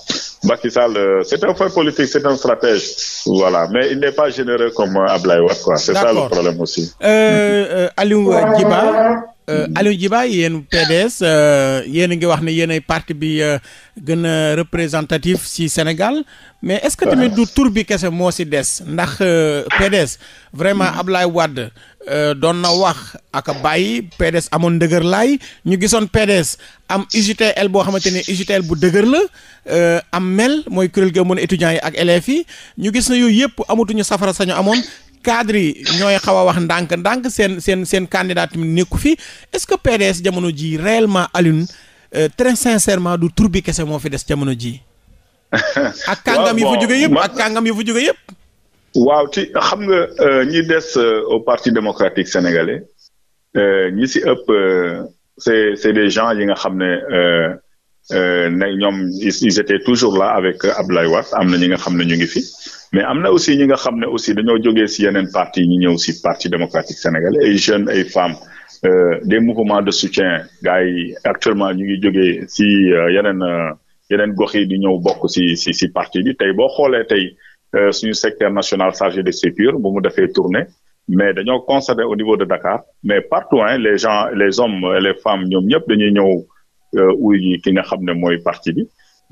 Macky Sall euh, c'est un fait politique c'est un stratège voilà mais il n'est pas généreux comme Ablaye Wade quoi c'est Euh, Aliou Djiba yéen PDS euh, yéen a ngi wax ni yéen ay parti bi euh, gën a représentatif ci Sénégal mais est-ce que tamit du tur bi kese moo ci des ndax PDS vraiment mm-hmm. Ablaye Wade doon na wax ak a bàyyi PDS amoon ndëgër lay ñu gisoon PDS am UJTL boo xamante ne UJTL bu dëgër la am mel mooy kuréel gi amoon étudiants yi ak élèves yi ñu gis na yooyu yëpp amatuñu safara sañu amoon cadre yi ñooy xaw a wax ndànk-ndànk seen seen seen candidat mi nekku fi est-ce que PDS jamono ji réellement Alioune euh, très sincèrement du tur bi kese moo fi des jamono ji ak kàngam yoo fa jóge yëpp ak kàngam yi fa jóge yëpp waaw ci xam nga euh, ñi des euh, au parti démocratique sénégalais ñi si ëpp c'est c'est des gens yi nga xam ne Euh, ne ñoom ils étaient toujours la avec euh, Abdoulaye Wade am na ñi nga xam ne ñu ngi mais am na aussi ñi nga xam ne aussi dañoo jógee si yeneen parti ñi ñëw si parti démocratique sénégalais ay jeunes ay femmes euh, des mouvements de soutien gars yi actuellement ñu ngi jógee si yeneen yeneen gox yi di ñëw bokk si si si parti bi tey boo xoolee tey suñu secteur national chargé de sécurité bu mu defee tournée mais dañoo constaté au niveau de Dakar mais partout hein les gens les hommes les femmes ñoom ñëpp dañuy ñëw. Euh, uy yi ki nga xam ne mooy parti bi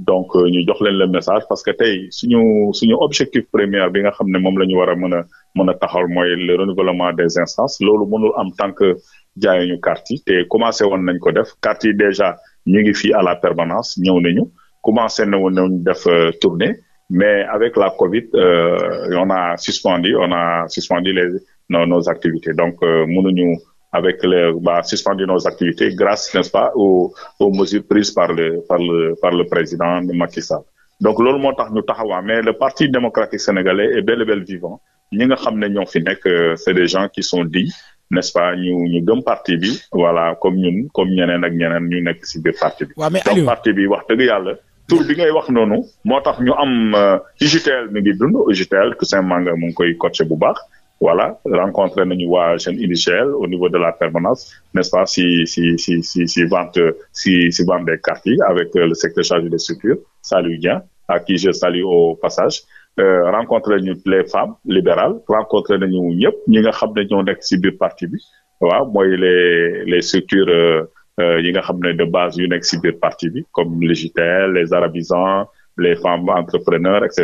donc euh, ñu jox leen le message parce que tey suñu suñu objectif premier bi nga xam ne moom la ñu war a mën a mën a taxaw mooy le renouvellement des instances loolu mënul am tant que jaayuñu carte yi te commencé woon nañ ko def carte yi déjà ñu ngi fii à la permanence ñëw nañu commencé ne woon nañu def euh, tournée mais avec la Covid euh, on a suspendu on a suspendu les nos, nos activités donc ñu avec le, bah, suspendu nos activités grâce, n'est-ce pas, aux, aux mesures prises par le, par le, par le président Macky Sall. donc loolu moo tax ñu taxawaa mais le parti démocratique sénégalais est bel et bien vivant ñi nga xam ne ñoo fi nekk euh, c'est des gens qui sont dits n'est-ce pas ñu ñu parti bi voilà comme ñun comme ñeneen ak ñeneen ñu nekk si biir parti bi. waaw parti bi wax dëgg yàlla. tour bi ngay wax noonu. moo tax ñu am euh, UJTL mi ngi dund UJTL Toussaint Manga ngi koy coaché bu baax. voilà rencontré nañu waa Jeunes Indigèles au niveau de la permanence nest pas si si si si si vente si si vente des cartes yi avec euh, le secteur chargé des structures Saliou Dieng à qui je salue au passage euh, rencontré nañu les femmes libérales rencontré nañu ñëpp ñi nga xam ne ñoo nekk ci biir parti bi waaw mooy les les structures euh, euh, yi nga xam ne de base yu nekk ci biir parti bi comme l'UJTL les arabisans les femmes entrepreneurs, etc.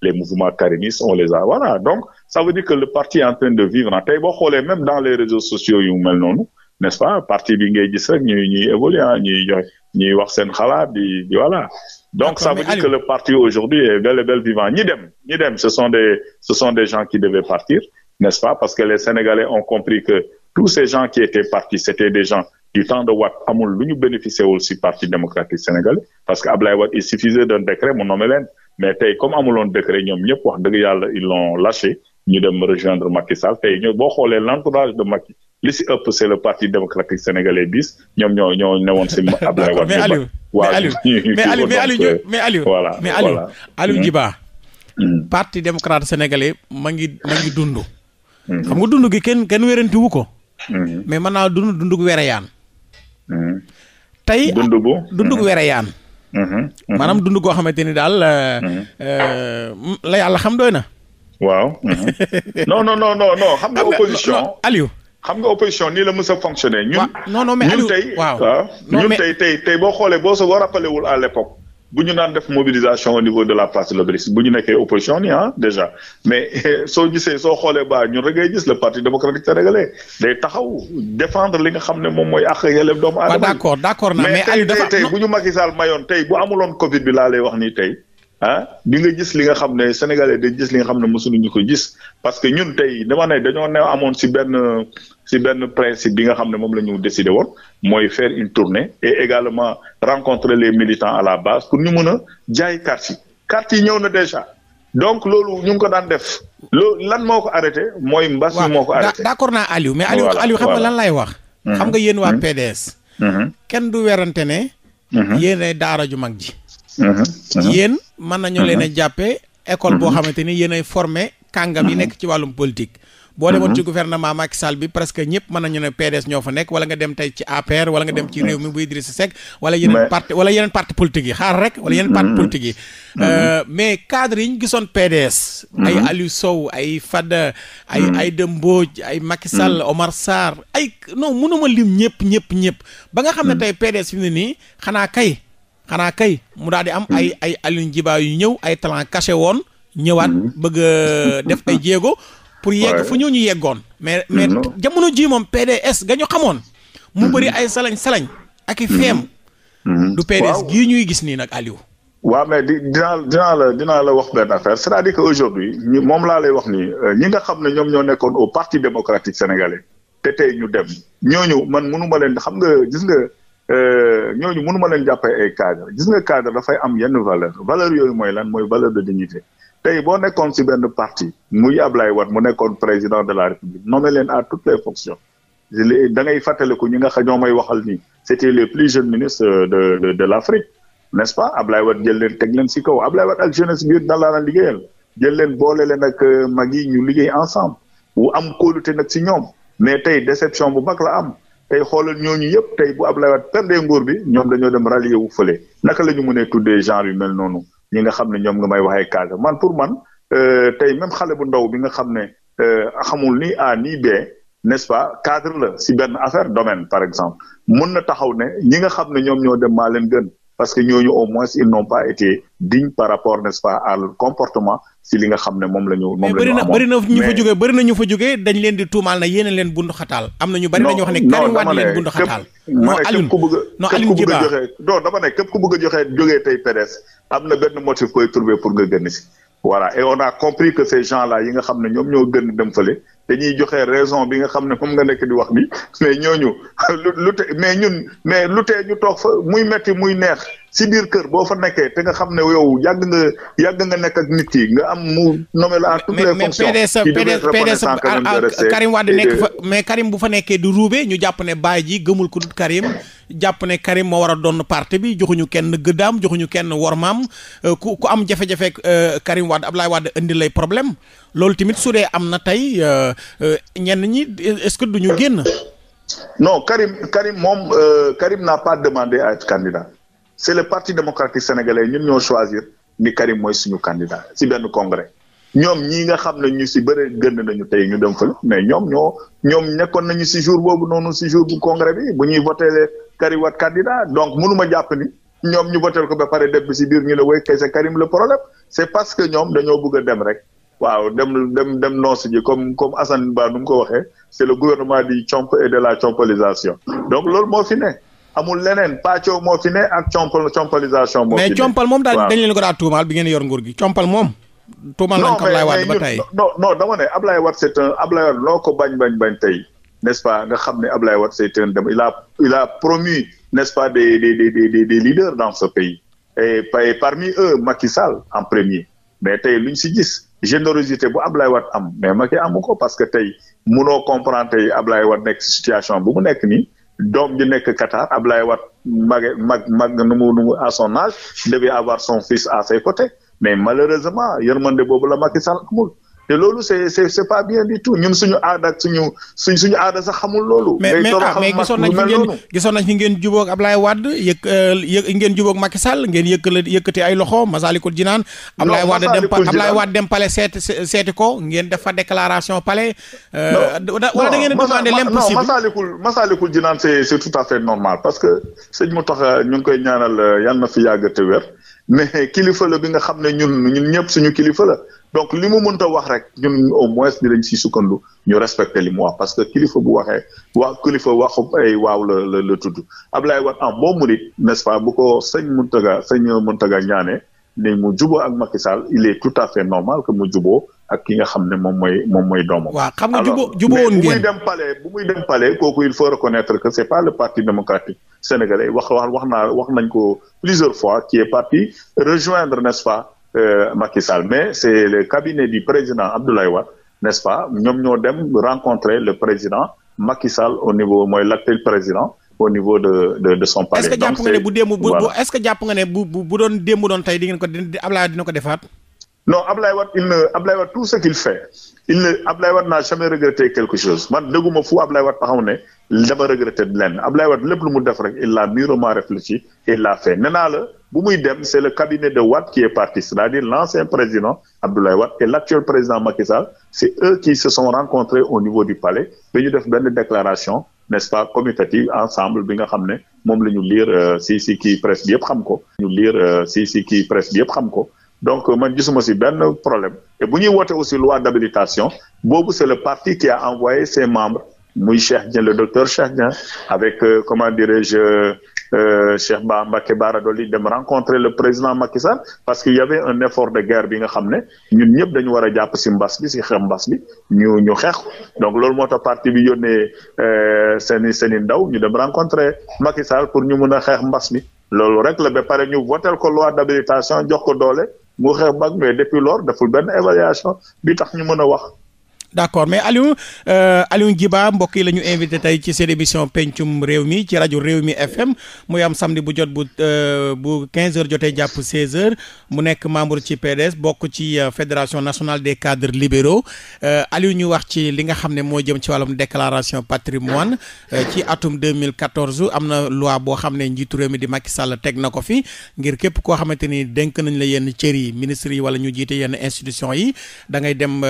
Les mouvements carimistes, on les a. Voilà. Donc, ça veut dire que le parti est en train de vivre. Tey boo xoolee même dans les réseaux sociaux yu mel noonu n'est-ce pas parti bi ngay gis rek ñuy ñuy ñuy wax seen xalaat di di donc ça veut dire que le parti aujourd'hui est bel et bel vivant ñi dem ñi dem ce sont des ce gens qui devaient partir n'est-ce pas parce que les Sénégalais ont compris que tous ces gens qui étaient partis c'était des gens du temps de Wade amul lu ñu bénéficié wul si parti démocratique sénégalais parce que Ablaye Wade il suffisait d'un décret mu nommé leen mais tey comme amuloon décret ñoom ñëpp wax dëgg yàlla ils l'ont lâché ñu dem rejoindre Macky tey ñoo boo xoolee l'entourage de Macky li si ëpp c'est le parti démocratique sénégalais bis ñoom ñoo ñoo newoon si *laughs* Ablaye Wade. mais Aliou mais Aliou mais *laughs* Aliou mais Aliou voilà mais Aliou Aliou mm-hmm. Djiba mm-hmm. parti démocrate sénégalais ma ngi ma ngi dund. Mm-hmm. xam nga dund gi kenn kenn wérantiwu ko. mais mën naa dund dund gu wereyaan. tey dund bu dund gu wereyaan mm-hmm. Mm-hmm. maanaam dund goo xamante ni daal euh, mm-hmm. euh, la yàlla xam doy na waaw non non non non non xam nga opposition Aliou xam nga opposition nii la mës a fonctionné ñun non non mais ñun tey waaw ah, ñun tey tey tey boo xoolee boo sa boo rappelé wul à l'époque bu ñu naan def mobilisation au niveau de la place de bu ñu nekkee opposition ni ah déjà mais *laughs* soo gisee soo xoolee ba ñun rek gis le parti démocratique sénégalais day taxaw défendre li nga xam ne moom mooy àq yelleef doomu aadama d'accord d'accord na mais Aliou tey tey bu ñu Macky Sall mayoon tey bu amuloon Covid bi laa lay wax nii tey. ah di nga gis li nga xam ne sénégalais da gis li nga xam ne mosuñu ñu ko gis parce que ñun tey dama ne dañoo ne amoon si benn si benn principe bi nga xam ne moom la ñu décidé woon mooy faire une tournée et également rencontrer les militant à la base pour ñu mën a jaay carte yi yi ñëw na déjà donc loolu ñu ngi ko daan def loolu lan moo ko arrêté mooy mbas mi moo ko arrêté d'accord naa Aliou mais Aliou Aliou xam nga lan lay wax mhm. xam nga yéen waa mhm. PDS mhm. kenn du werante ne yéen daara ju mag ji Mm-hmm. Mm-hmm. yéen mën nañu leen a mm-hmm. jàppee école boo xamante ni yéen ay formé kàngam yi nekk ci wàllum politique boo demoon ci gouvernement Macky Sall bi presque ñëpp mën nañu ne PDS ñoo fa nekk wala nga dem tey ci APR wala nga dem ci réew mi bu Idrissa Seck wala yeneen parti wala yeneen parti politique yi xaar rek wala yeneen parti politique yi euh, mais cadre yi ñu gisoon PDS ay Aliou Sow ay Fada ay Aïda Mbodj ay Macky Sall Omar Sarr ay non ma lim ñëpp ñëpp ñëpp ba xam ne tey PDS fi mu ne nii xanaa kay xanaa kay mu daal di am ay ay Alioune Djiba yu ñëw ay talent caché woon ñëwaat mhm. bëgg def ay jéego pour yegg fu ñu ñu yeggoon mais mais mhm. jamono ji moom PDS ga ñu xamoon mu mhm. bëri ay salañ salañ ak i feem du PDS gii ñuy gis nii nag Aliou waa mais di dinaa dinaa la dinaa la wax benn affaire c'est-à-dire aujourd'hui moom laa lay wax nii euh, ñi nga xam ne ñoom ñoo nekkoon au parti démocratique sénégalais te tey ñu dem ñoo ñëw man mënuma leen xam nga gis nga Euh, ñooñu mënu ma leen jàppee ay cadre gis nga cadre dafay am yenn valeur valeur yooyu mooy lan mooy valeur de dignité tey boo nekkoon ci benn parti muy Ablaye Wade mu nekkoon président de la République nommé leen à toutes les fonctions da ngay fàttaliku ñi nga xa ñoo may waxal nii c'était les plus jeunes ministres de de de l'Afrique n'est-ce pas Ablaye Wade jël leen teg leen ci kaw Ablaye Wade ak jeunesse biir dan laa liggéeyal jël leen boole leen ak euh, mag yi ñu liggéey ensemble wu am kóolute nag ci ñoom mais tey déception bu mag la am tey xoolal ñooñu yëpp tey bu Abdoulaye Wade perdee nguur bi ñoom dañoo dem rallier wu fële naka la ñu mënee tuddee genre yu mel noonu ñi nga xam ne ñoom nga may waxee Casa man pour man euh, tey même xale bu ndaw bi nga xam ne euh, xamul ni A nii B n'est-ce pas cadre la si benn affaire domaine par exemple mën na taxaw ne ñi nga xam ne ñoom ñoo dem maa leen gën parce que ñooñu au moins ils n'ont pas été dignes par rapport n'est-ce pas à comportement si li nga xam ne moom la ñu moom la ñu amoon bëri na ñu fa jógee bëri na ñu fa jógee dañ leen di tuumaal na yéen leen bundu xataal am na ñu bëri nañu wax ne Karim Wade leen bundu xataal non Alioune non Alioune Djiba non dama a joxe jógee tey pour nga gën si voilà et on a compris que ces gens là yi nga xam ne ñoom ñoo gën dem fële dañuy joxe raison bi nga xam ne moom nga nekk di wax ni mais ñooñu lu lu te mais ñun mais lu tee ñu toog fa muy metti muy neex si biir kër boo fa nekkee te nga xam ne yow yàgg nga yàgg nga nekk ak nit yi nga am mu nommé la à toutes les fonctions mais PDS PDS Karim Wade nekk fa mais Karim bu fa nekkee di ruube ñu jàpp ne baay ji gëmul ko dut Karim jàpp ne Karim moo war a doon parti bi joxuñu kenn gëddaam joxuñu kenn wormaam euh, ku ku am jafe-jafe euh, Karim Wade Abdoulaye Wade indi lay problème loolu tamit su dee am na tey euh, Euh, ñenn ñi est-ce que du ñu génn. non Karim Karim moom euh, Karim n'a pas demandé à être candidat c'est le parti démocratique sénégalais ñun ñoo choisir ni Karim mooy suñu candidat si benn congrès ñoom ñii nga xam ne ñu si bëre gën nañu tey ñu dem fële mais ñoom ñoo ñoom nekkoon nañu si jour boobu noonu si jour bu congrès bi bu ñuy voté Karim wat candidat donc mënuma jàpp ni ñoom ñu voté ko ba pare def bi si biir ñu la wéy kay sa Karim le problème c'est parce que ñoom dañoo bëgg a dem rek. waaw dem dem dem noosi ji comme comme Assane Ba nu mu ko waxee c'est le gouvernement du comp et la compalisation donc loolu moo fi ne amul leneen pàccoo moo fi ne ak compal moo fi mais compal moom daal dañ leen ko daa tuumaal bi ngeen yor nguur gi compal moom tuumaal nañ ko Ablaye Wade ba tey non ko bañ bañ tey nest pas nga xam ne Ablaye Wade c'est un dem il a il a promu n'est-ce pas des des des des des leaders dans ce pays et parmi eux Macky en premier mais tey luñ si gis générosité bu Ablaye Wade am mais Macky amu ko parce que tey munoo comprendre tey Ablaye Wade nekk situation bu mu nekk nii doom ji nekk Qatar Ablaye Wade mag mag mag nu mu nu mu à son âge devait avoir son fils à ses côtés mais malheureusement yërmande boobu la Macky sal amul. te loolu c'est c'est c'est pas bien du tout ñun suñu aada ak suñu suñ suñu aada sax xamul loolu. mais mais ah mais gisoon nañ fi ngeen gisoon nañ fi ngeen jubóog Ablaye Wade yëkk euh, ngeen jubóog Macky Sall ngeen yëkkale yëkkati ay loxo Masalikul Jinaan. Ablaye Wade dem Ablaye Wade dem pale seeti seeti ko ngeen defa fa déclaration palais. Euh, wala de ngeen a demandé l'impossible non Masalikul Masalikul Jinaan c'est c'est tout à fait normal parce que sëñ mu tax ñu ngi koy ñaanal euh, yal na fi yàgg te wér mais kilifa bi nga xam ne ñun ñun ñëpp suñu kilifa la donc li mu mënta wax rek ñun au moins dinañ si sukkandu ñu respecté li mu wax parce que kilifa bu waxee waa kilifa wax ay waaw la la la tudd Ablaye Wade en bon murit n'est-ce pas bu ko sëñ Mountaga sëñ Mountaga ñaanee ne mu juboo ak Macky Sall il est tout à fait normal que mu juboo ak ki nga xam ne moom mooy moom mooy doomam. waaw xam nga juboo juboon ngeen bu muy dem palais bu muy dem palais kooku il faut reconnaître que c'est pas le parti démocratique sénégalais wax wax wax naa wax nañ ko plusieurs fois qui est parti rejoindre n'est-ce pas. euh, Macky Sall mais c'est le cabinet du président Abdoulaye Wade n'est-ce pas ñoom ñoo dem rencontrer le président Macky Sall au niveau mooy l'actuel président au niveau de de de son palais. est-ce que jàpp nga ne bu démb bu est-ce que jàpp nga ne bu bu doon démb doon tey di ngeen ko Abdoulaye dina ko defaat. non Ablaye Wade il ne Ablaye Wade tout ce qu'il fait il ne Ablaye Wade n'a jamais regretté quelque chose man dégguma fu Ablaye Wade taxaw ne dama regretté lenn Ablaye lépp lu mu def rek il l'a mûrement réfléchi et l'a fait nee naa la bu muy dem c'est le cabinet de Wade qui est parti c'est-à-dire l'ancien président Abdoulaye Wade et l'actuel président Macky Sall c'est eux qui se sont rencontrés au niveau du palais ba ñu def benn déclaration n'est-ce pas communicative ensemble bi nga xam ne moom la ñu lire si si kii presse yëpp xam ko ñu lire si si kii presse bi yëpp xam ko donc euh, man gisuma si benn problème et bu ñuy woote aussi loi d'habilitation boobu c'est le parti qui a envoyé ses membres muy Cheikh Dieng le docteur Cheikh Dieng avec euh, comment dirais-je euh, Cheikh Ba Mbacké Bara Dolly dem rencontrer le président Macky Sall parce qu'il y avait un effort de guerre bi nga xam ne ñun ñëpp dañu war a jàpp si mbas bi si xeex mbas mi ñu ñu xeex donc loolu moo tax parti bi yónnee euh, seeni seeni ndaw ñu dem rencontrer Macky Sall pour ñu mën a xeex mbas bi loolu rek la ba pare ñu votel ko loi d'habilitation jox ko doole mu xew mag mais depuis lors deful benn évaluation bi tax ñu mën a wax d' accord mais Aliou euh, Aliou Djiba mbokk yi la ñu invité tey ci seen émission pencum réew mi ci rajo réew mi FM muy am samedi bu jot bu euh, bu 15h jotee jàpp 16h mu nekk membre ci PDS bokk ci euh, fédération nationale des cadres libéraux Aliou ñu wax ci li nga xam ne moo jëm ci wàllum déclaration patrimoine ci atum 2014 am na loi boo xam ne njiitu réew mi di Macky teg na ko fi ngir képp koo xamante ni dénk nañ la yenn cër yi ministres yi wala ñu jiite yenn institution yi da ngay dem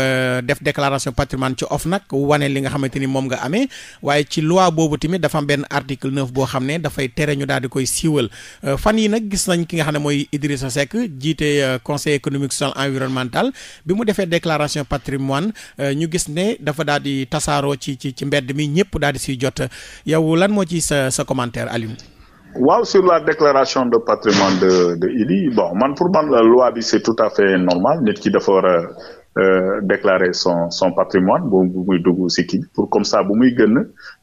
def déclaration. sa patrimoine ci OFNAC wane li nga xamante ni moom nga amee waaye ci loi boobu tamit dafa am benn article neuf boo xam ne dafay tere ñu daal di koy siiwal euh, fan yi nag gis nañ ki nga xam ne mooy Idrissa Seck jiite euh, conseil économique social environnemental bi mu defee déclaration patrimoine euh, ñu gis ne dafa daal di tasaaroo ci ci ci mbedd mi ñëpp daal di siy jot yow lan moo ci sa sa commentaire Alioune. waaw sur la déclaration de patrimoine de de Idy bon man pour man la loi bi c'est tout euh, déclarer son son patrimoine bu muy dugg si kii pour comme ça bu muy gën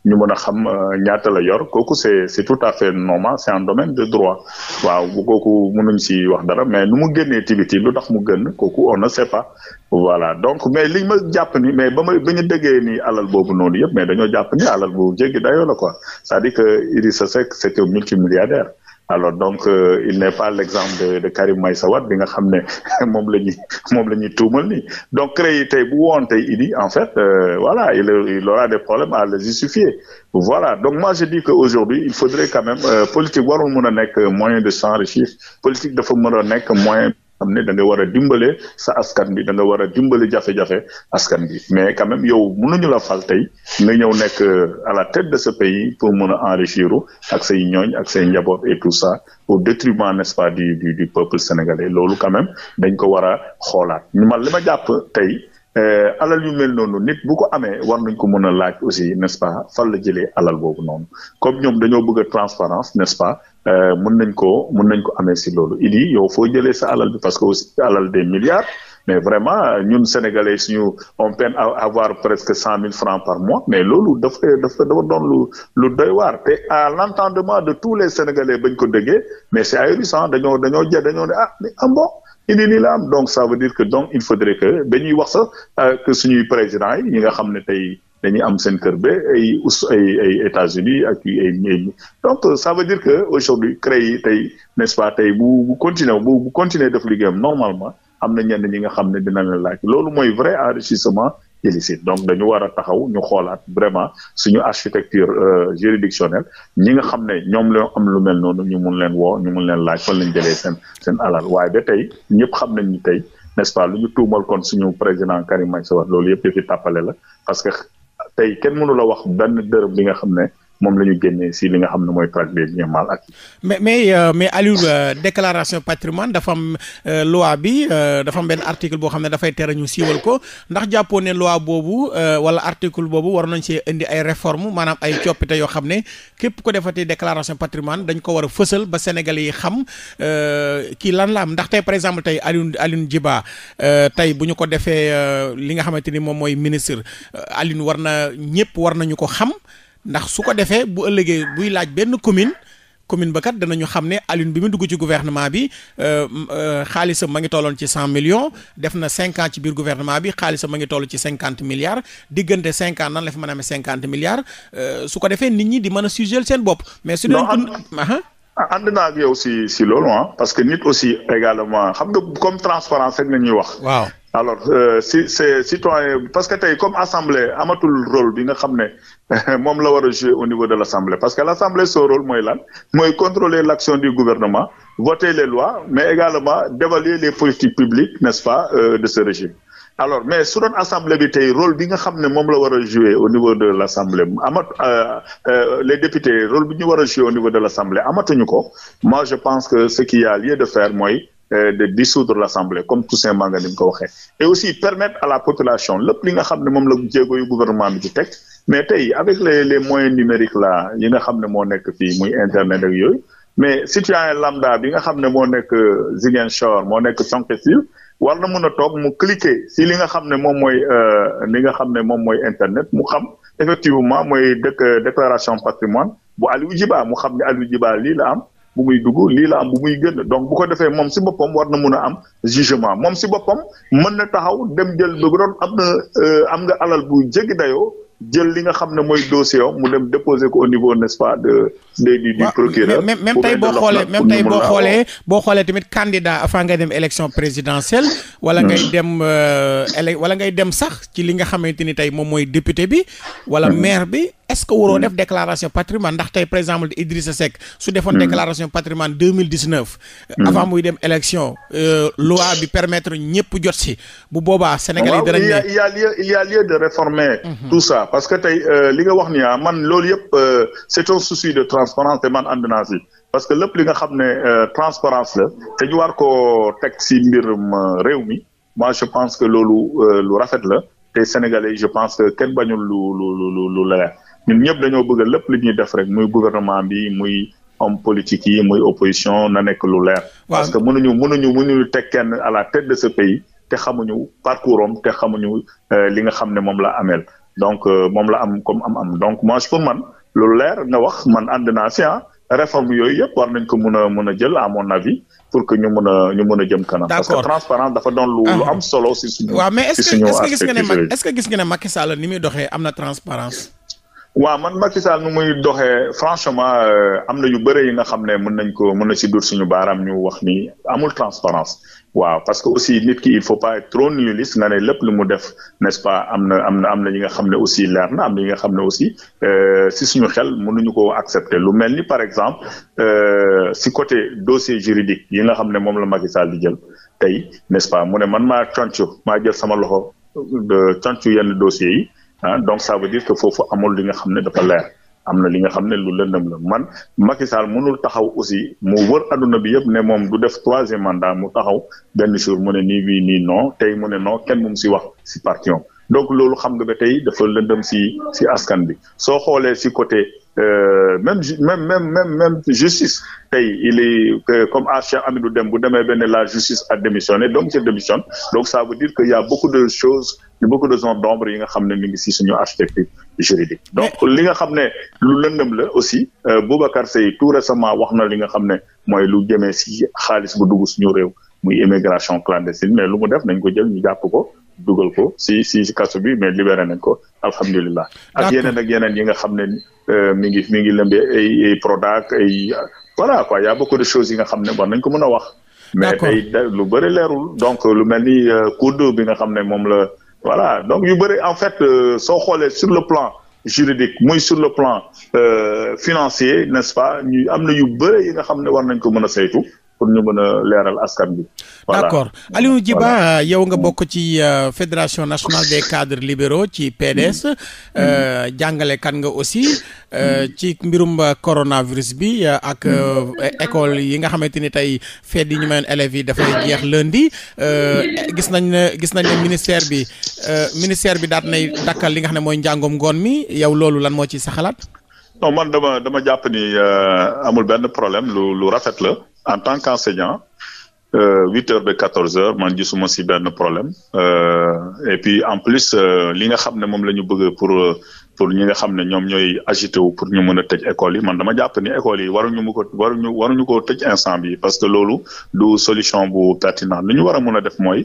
ñu mën a xam euh, ñaata la yor kooku c'est c'est tout à fait normal c'est un domaine de droit waaw bu kooku mënuñ si wax dara mais nu mu génnee tibiti lu tax mu gën kooku on ne sait pas voilà donc mais li ma jàpp ni mais ba ma bi ñu déggee ni alal boobu noonu yëpp mais dañoo jàpp ni alal boobu jéggi dayoo la quoi c'est-à-dire que Idrissa Seck c'est un multimilliardaire alors donc euh, il n'est pas l'exemple de de Karim Meïssa Wade bi nga xam ne *laughs* moom la ñuy moom la ñuy tuumal ni donc CREI tey bu woon tey IDI en fait euh, voilà il, il aura des problèmes à le justifier voilà donc moi je dis que aujourd'hui il faudrait quand même euh, politique warul mën a nekk moyen de s'enrichir politique dafa mën a nekk moyen xam ne da nga war a dimbale sa askan bi da war a dimbale jafe-jafe askan bi mais quand yow mun mënuñu la fal tey nga ñëw nekk euh, à la tête de ce pays pour mun a enrichir ak say ñooñ ak say njaboot et tout ça au détriment n'est-ce pas du du du peuple sénégalais loolu quand dañ ko war a xoolaat ñu man ma jàpp tey Euh, alal yu mel noonu nit bu ko amee war nañ ko mën a laaj aussi n'est-ce pas fan la jëlee alal boobu noonu comme ñoom dañoo bëgg a transparence n'est-ce pas euh, mën nañ ko mën nañ ko amee si loolu il yi yow foo jëlee sa alal bi parce que aussi alal des milliards mais vraiment ñun sénégalais suñu on peine à avoir presque cent mille francs par mois mais loolu dafa dafa dafa doon lu lu doy waar te à l'entendement de tous les sénégalais bañ ko déggee mais c'est ahurissant dañoo ja dañoo ne ah mais ah indi nii la am donc ça veut dire que donc il faudrait que ba ñuy wax sax euh, que suñuy président yi ñi nga xam ne tey dañuy am seen kër ba ay ay ay États-Unis ak ay donc euh, ça veut dire que aujourd'hui yi tey nest pas tey bu bu continuer bu bu continuer def liggéeyam normalement am na ñenn ñi nga xam ne dina laaj loolu mooy vrai enrichissement illicite donc dañu war a taxaw ñu xoolaat vraiment suñu architecture euh, juridictionnelle ñi nga xam ne ñoom la am lu mel noonu ñu mun leen woo ñu mun leen laaj fan lañ jëlee seen seen alal waaye ba tey ñëpp xam nañ ñu tey n'est-ce pas lu ñu tuumal kon suñu président Karim Meïssa Wade loolu yëpp dafi tàppale la parce que tey kenn mënu wax benn dërëm bi nga xam ne moom la ñu génnee si li nga xam ne mooy traque mais mais euh, mais Aliou euh, déclaration patrimoine dafa am euh, loi bi euh, dafa mbenn benn boo xam ne dafay tere ñu siiwal ko ndax jàppoo ne loi boobu euh, wala article boobu war nañ see indi ay réforme maanaam ay coppite yoo xam ne képp ko defatee déclaration patrimoine dañ ko war a fësal ba sénégal yi xam euh, kii lan la am ndax tey par exemple tey Aliou Aliou Djiba tey bu ñu ko defee li nga xamante ni moom mooy ministre Aliou war na ñëpp war nañu ko xam ndax su ko defee bu ëllëgee buy laaj benn commune commune ba kat dana ñu xam ne Alioune bi mu dugg ci gouvernement bi euh, euh, xaalisam ma ngi tolloon ci cent millions def na cinq ci biir gouvernement bi xaalisam ma ngi toll ci cinquante milliards diggante cinq ans la fi mën cinquante milliards euh, su ko defee nit ñi di mën a sujeel seen bopp. mais su dee ah, ànd naa ak yow si si loolu ah parce que nit aussi également xam nga comme transparence rek la ñuy wax. waaw alors euh, si c'est parce que tey comme assemblée amatul rôle bi nga xam ne *laughs* moom la war a jouer au niveau de l'assemblée parce que l'assemblée son rôle mooy lan mooy contrôler l'action du gouvernement voter les lois mais également dévaluer les politiques publiques n'est-ce pas euh, de ce régime alors mais su doon assemblée bi tey rôle bi nga xam ne moom la war a jouer au niveau de l'assemblée amat euh, euh les députés rôle bi ñu war a jouer au niveau de l'assemblée amatuñu ko moi je pense que de faire mooy Euh, de dissoudre l'Assemblée comme Toussaint Manga ni mu ko waxee et aussi permettre à la population lépp li nga xam ne moom la jéego yu gouvernement bi di teg mais tey avec les les moyens numériques là yi nga xam ne moo nekk fii muy internet ak yoyu mais citoyen lambda bi nga xam ne moo nekk euh, Ziguinchor moo nekk Sonkefile war na mën a toog mu cliquer si li nga xam ne moom mooy euh, li nga xam ne moom mooy internet mu xam effectivement mooy déclaration patrimoine bu Aliou Djiba mu xam ne Aliou Djiba lii la am bu muy dugg lii la am bu muy génn donc bu ko defee moom si boppam war na mun a am jugement moom si boppam mën na taxaw dem jël ba bu doon am na euh, am nga alal bu jéggi dayoo jël li nga xam ne mooy dossier mu dem déposer ko au niveau n'est-ce pas de de du procureur. même même boo xoolee même tey boo xoolee boo xoolee tamit candidat avant ngay dem élection présidentielle. wala ngay hmm. dem ele euh, wala ngay dem sax ci li nga xamante ni tey moom mooy député bi. wala hmm. maire bi. est-ce que waroo mm. def déclaration patrimoine ndax tey par exemple Idrissa Seck su defoon mm. déclaration patrimoine 2019 mm. avant muy dem élection euh, loi bi permettre ñëpp jot si bu boobaa Sénégal yi a lieu il de réformer mhm. tout ça parce que tey euh, li nga wax ni ah man loolu yëpp euh, c'est un souci de transparence te man ànd si parce que lépp li nga xam ne transparence la te ñu war koo teg si mbirum réew mi moi je pense que loolu lu rafet la te sénégalais je pense que kenn bañul lu lu ñun ñëpp dañoo bëgg lépp lu ñuy def rek muy gouvernement bi muy homme politique yi muy opposition na nekk lu leer. parce que mënuñu mënuñu mënuñu teg kenn à la tête de ce pays te xamuñu parcours am te xamuñu euh, li nga xam ne moom la ameel donc euh, moom la am comme am-am donc moi pour man lu leer nga wax man ànd naa si ah. réforme yooyu yëpp war nañ ko mun a mën a jël à mon avis pour que ñu mën a ñu mën a jëm kanam. parce que transparence dafa doon lu lu am solo. si suñu si ah. suñu waaw mais est ni muy doxee am na transparence waaw man Macky Sall nu muy doxee franchement euh, am na yu bëre yi nga xam ne mën nañ ko mën na si dur suñu baaraam ñu wax nii amul transparence waaw parce que aussi nit ki il faut pas être trop nihiliste nga ne lépp lu mu def n'est-ce pas am na am na am na ñi nga xam ne aussi leer am na yi nga xam ne aussi euh, si suñu xel mënuñu ko accepter lu mel ni par exemple euh, si côté dossier juridique yi nga xam ne moom la Macky Sall di jël tey n'est-ce pas mu ne man maa conc maa jël sama loxo conc yenn dossiers yi ah donc ça veut dire que foofu amul li nga xam ne dafa leer am na li nga xam ne lu lëndëm la man Macky Sall mënul taxaw aussi mu wër adduna bi yëpp ne moom du def troisième mandat mu taxaw benn jour mu ne nii wii nii non tey mu ne non kenn mu si wax si parti donc loolu xam nga ba tey dafa lëndëm si si askan bi soo xoolee si côté. Euh, même même même même même justice tey il est euh, comme à Cheikh Amidou Dem bu demee benn la justice a démissionné donc je démissionne donc ça veut dire que y a beaucoup de choses yi nga xam ne mi ngi ci suñu architecture juridique donc li nga xam ne lu lëndëm la aussi euh, Boubacar Seye tout récemment wax na li nga xam ne mooy lu jëmee ci xaalis bu dugg suñu réew muy immigration clandestine mais lu mu def nañ ko jël ñu jàpp ko dugal ko si si si bi mais libéré nañ ko alhamdulilah. ak yeneen ak yeneen yi nga xam ne euh, mi ngi mi ngi lëmbee ay ay Prodac ay a beaucoup de choses yi nga xam ne war nañ ko mën a wax. mais ay lu bëri leerul donc lu mel ni euh, coude bi nga xam ne moom la. voilà donc yu bëri en fait euh, soo xoolee sur le plan juridique muy sur le plan financier n'est-ce pas am na yu bëri yi nga xam ne war nañ ko mën a saytu. pour ñu mën a leeral askan bi. voilà d' accord Aliou Djiba yow nga bokk ci euh, fédération nationale des cadre libéro ci mm. euh, jàngale kan nga aussi. Euh, mm. ci mbirum coronavirus bi ak mm. école yi nga xamante ni tey fête yi ñu mayoon élèves yi dafay jeex lundi gis nañ ne gis nañ ministère bi ministère bi daat nay dakkal li nga xam ne mooy njàngum ngoon mi yow loolu lan moo ci sa xalaat. non man dama jàpp ni amul benn problème lu lu rafet la. en tant qu'enseignant euh, huit heures ba quatorze heures man gisuma si benn problème euh, et puis en plus euh, li nga xam ne moom la ñu bëgg pour pour ñi nga xam ne ñoom ñooy agité wu pour ñu mën a tëj école yi man dama jàpp ni école yi waruñu mu ko waruñu waruñu ko tëj instant bi parce que loolu du solution bu pertinent li ñu war a mën a def mooy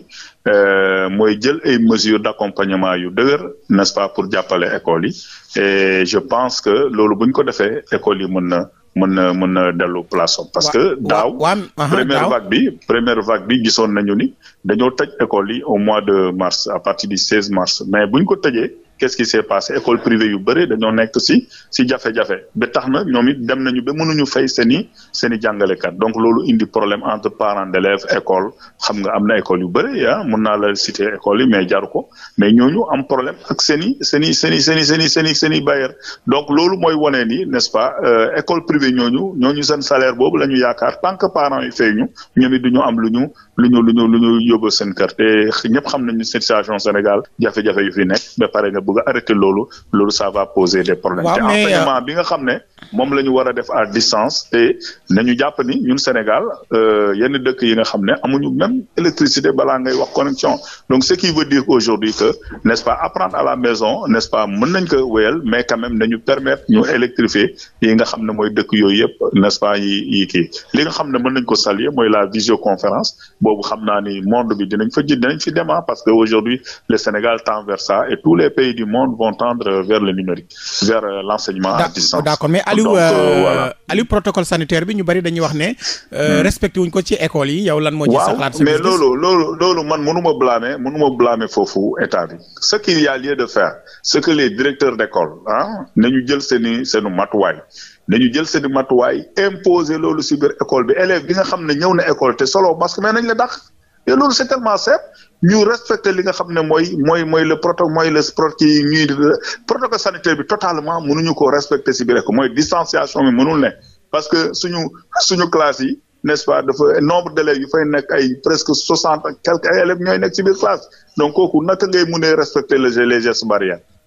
mooy jël ay mesures d'accompagnement yu dëgër n'est-ce pas pour jàppale école yi e je pense que loolu buñ ko defee école yi mën na mën na mën na dellu place parce que daaw uh-huh, première vague bi première vague bi gisoon nañu ni dañoo tëj école yi au mois de mars à partir du 16 mars mais buñ ko tëjee qu'est-ce qui s'est passé école privée yu bëri dañoo nekk si si jafe-jafe ba tax na ñoom it dem nañu ba mënuñu fay seen i seen jàngalekat donc loolu indi problème entre parents d'élèves école xam nga am na école yu bëri ah mun naa la citer école yi mais jaru ko mais ñooñu am problème ak seen i seen i seen i seen i seen seen i seen i bailleur donc loolu mooy wane ni n'est-ce pas euh, école privée ñooñu ñooñu seen salaire boobu la ñu yaakaar tant que parents yi fay ñu ñoom it du am lu ñu lu ñu lu ñu lu ñu yóbbu seen kër te ñëpp xam nañu situation Sénégal jafe-jafe yu bëgg a arrêter loolu loolu ça poser des problèmes. te enseignement bi nga xam ne moom la ñu war a distance te nañu jàpp ñun Sénégal euh, yenn dëkk yi nga xam ne amuñu même électricité balaa ngay wax connexion donc ce qui veut dire aujourd'hui que n'est-ce pas apprendre à la maison n'est-ce pas mën nañ ko wéyal mais quand nañu permettre ñu électrifier yi nga xam ne mooy dëkk yooyu yëp n'est-ce pas yi yi kii li nga xam ne mën nañ ko saluer mooy la visioconférence boobu xam naa ni du monde vont tendre vers le numérique vers euh, l'enseignement à distance mais euh, euh, Aliou protocole sanitaire bi ñu bari dañuy wax ne hmm. respecté wuñ ko ci école yi yow lan moo ci sa xalaat mais loolu loolu loolu man mënuma blâmer mënuma blâmer foofu état de faire ce que les d'école ah nañu jël seeni seenu matuwaay nañu jël seeni matuwaay imposer loolu ci biir école bi élève bi nga xam ne ñëw na école te solo masque mais nañ la dàq mais loolu c'est tellement simple ñu respecter li nga xam ne mooy mooy mooy le proto mooy le sport ki ñuy protocole sanitaire bi totalement mënuñu ko respecter si biir ko mooy distanciation bi mënul ne parce que suñu suñu classe yi n'est-ce pas dafa nombre d'élèves yu fay nekk ay presque soixante ak quelques ay élèves ñooy nekk si biir classe donc kooku naka ngay mënee respecter les les gestes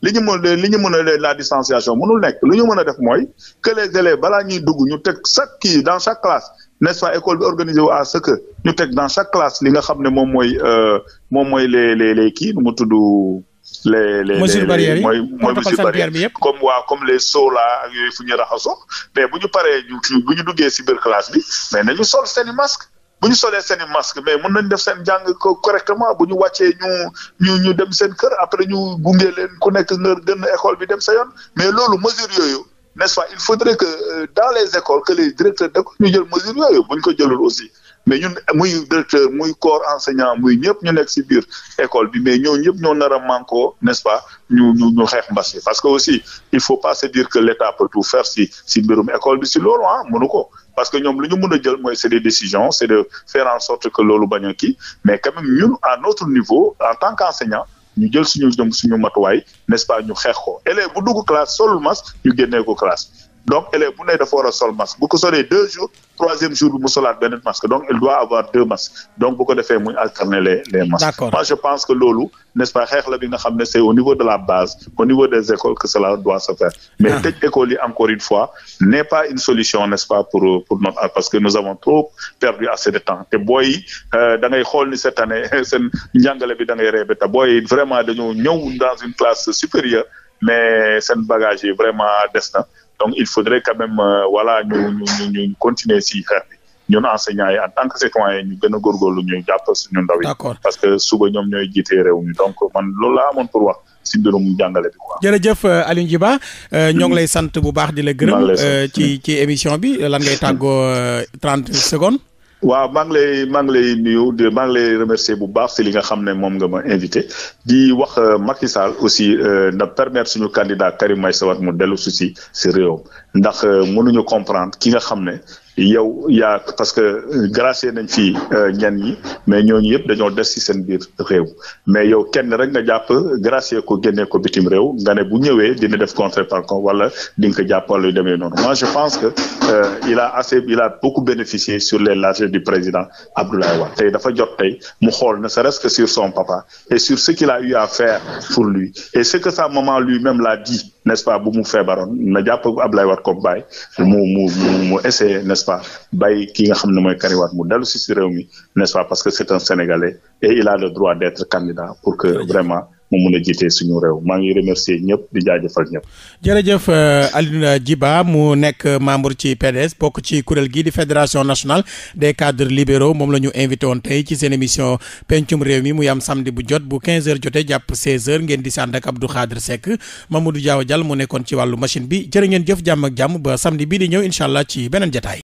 li ñu mën li ñu mën a la distanciation mënul nekk lu ñu mën a def mooy que le élèves balaa ñuy dugg ñu teg chaque kii dans chaque classe n'est-ce pas école bi organisé wu à ce que ñu teg dans chaque classe li nga xam ne moom mooy euh, moom mooy les les le kii mu tudd. le les mesures barrières yi mooy mooy mesures barrières bi yëpp comme waa comme les seaux là ak yooyu fu mais bu ñu paree ñu bu ñu duggee ci biir bi mais nañu sol seen i masque bu ñu solee seen i masque mais mën nañ def seen jàng correctement bu ñu wàccee ñu ñu ñu dem seen kër après ñu gunge leen ku nekk nga gën école bi dem sa yoon mais loolu mesure yooyu. n'est-ce pas il faudrait que euh, dans les écoles que les directeurs d'école ñu jël mesure yooyu bu ko jëlul aussi mais ñun muy directeur muy corps enseignant muy ñëpp ñu nekk ci biir école bi mais ñoo ñëpp ñoo nar a manko n'est-ce pas ñu ñu ñu xeex mbas parce que aussi il faut pas se dire que l'État peut tout faire ci ci mbirum école bi ci loolu ah mënu ko parce que ñoom lu ñu mën a jël mooy c'est des décisions c'est de faire en sorte que loolu bañ a kii mais quand même à notre niveau en ñu jël suñu jëm suñu matuwaay n'est-ce pas ñu xeex ko élève bu dugg classe solul masque ñu génnee ko classe donc élève bu ne dafa war a sol masque bu ko solee deux jours troisième jour bi mu solaat beneen masque donc il doit avoir deux masques donc bu ko defee muy alterner les les je pense que loolu n'est-ce pas xeex la bi xam ne c'est au niveau de la base au niveau des écoles que cela doit se faire. Ah. mais tëj école yi encore une fois n'est pas une solution n'est-ce pas pour pour notre ah, parce que nous avons trop perdu assez de temps te booy yi euh, da ngay xool ni cette année *laughs* seen njàngale bi da ngay te booy vraiment dañoo ñëw dans une classe supérieure seen bagage yi vraiment des na. donc il faudrait que même euh, voilà ñu ñu continuer si xeex bi ñun enseignants yi en tant que citoyen ñu gën a góorgóorlu ñuy jàpp suñu ndaw yi. parce que suba ñoom ñooy jiite réew mi donc man loolu laa amoon pour wax. si mbirum jàngale bi quoi. jërëjëf euh, Aliou Djiba euh, ñoo ngi lay sant bu baax di la gërëm. ci ci émission bi lan ngay tàggoo 30 secondes. waaw maa ngi lay maa ngi lay nuyu de maa ngi lay remercier bu baax si li nga xam ne moom nga ma invité di wax euh, Macky Sall aussi euh, na permettre suñu candidat Karim Meïssa Wade mu dellu si si réewam ndax euh, mënuñu comprendre ki nga xam ne yow yaa parce que euh, gracié nañ fii euh, ñenn ñi mais ñooñu yëpp dañoo des si seen biir réew mais yow kenn rek nga jàpp gracié ko génnee ko bitim réew nga ne bu ñëwee dina def contre par contre wala di nga ko jàpp wala yu demee noonu moi je pense que euh, il a assez il a beaucoup bénéficié sur les largesses du président Abdoulaye Wade tey dafa jot tey mu xool ne sa ce que sur son papa et sur ce qu'il a eu à faire pour lui et ce que sa maman lui-même l'a dit nest pa pas bu mu feebaroon na jàpp Ablaye Wade comme baay mu mu mu essayé n'est-ce pas bàyyi ki nga xam ne mooy Karim Wade mu dellu si réew mi n'est-ce pas parce que c'est un Sénégalais et il a le droit d'être candidat pour que vraiment mu mun a jiitee suñu réew maa ngi remercier ñëpp di jaajëfal ñëpp. jërëjëf euh, Alioune Djiba mu nekk membre ci PDS bokk ci kuréel gii di fédération nationale des cadres libéraux moom la ñu invité woon tey ci seen émission pencum réew mi muy am samedi bu jot bu 15h jotee jàpp 16h ngeen di sànd ak Abdou Khadre Seck Mamadou jaawa Dial mu nekkoon ci wàllu machine bi jërë ngeen jëf jàmm ak jàmm ba samedi bi di ñëw incha allah ci beneen jataay.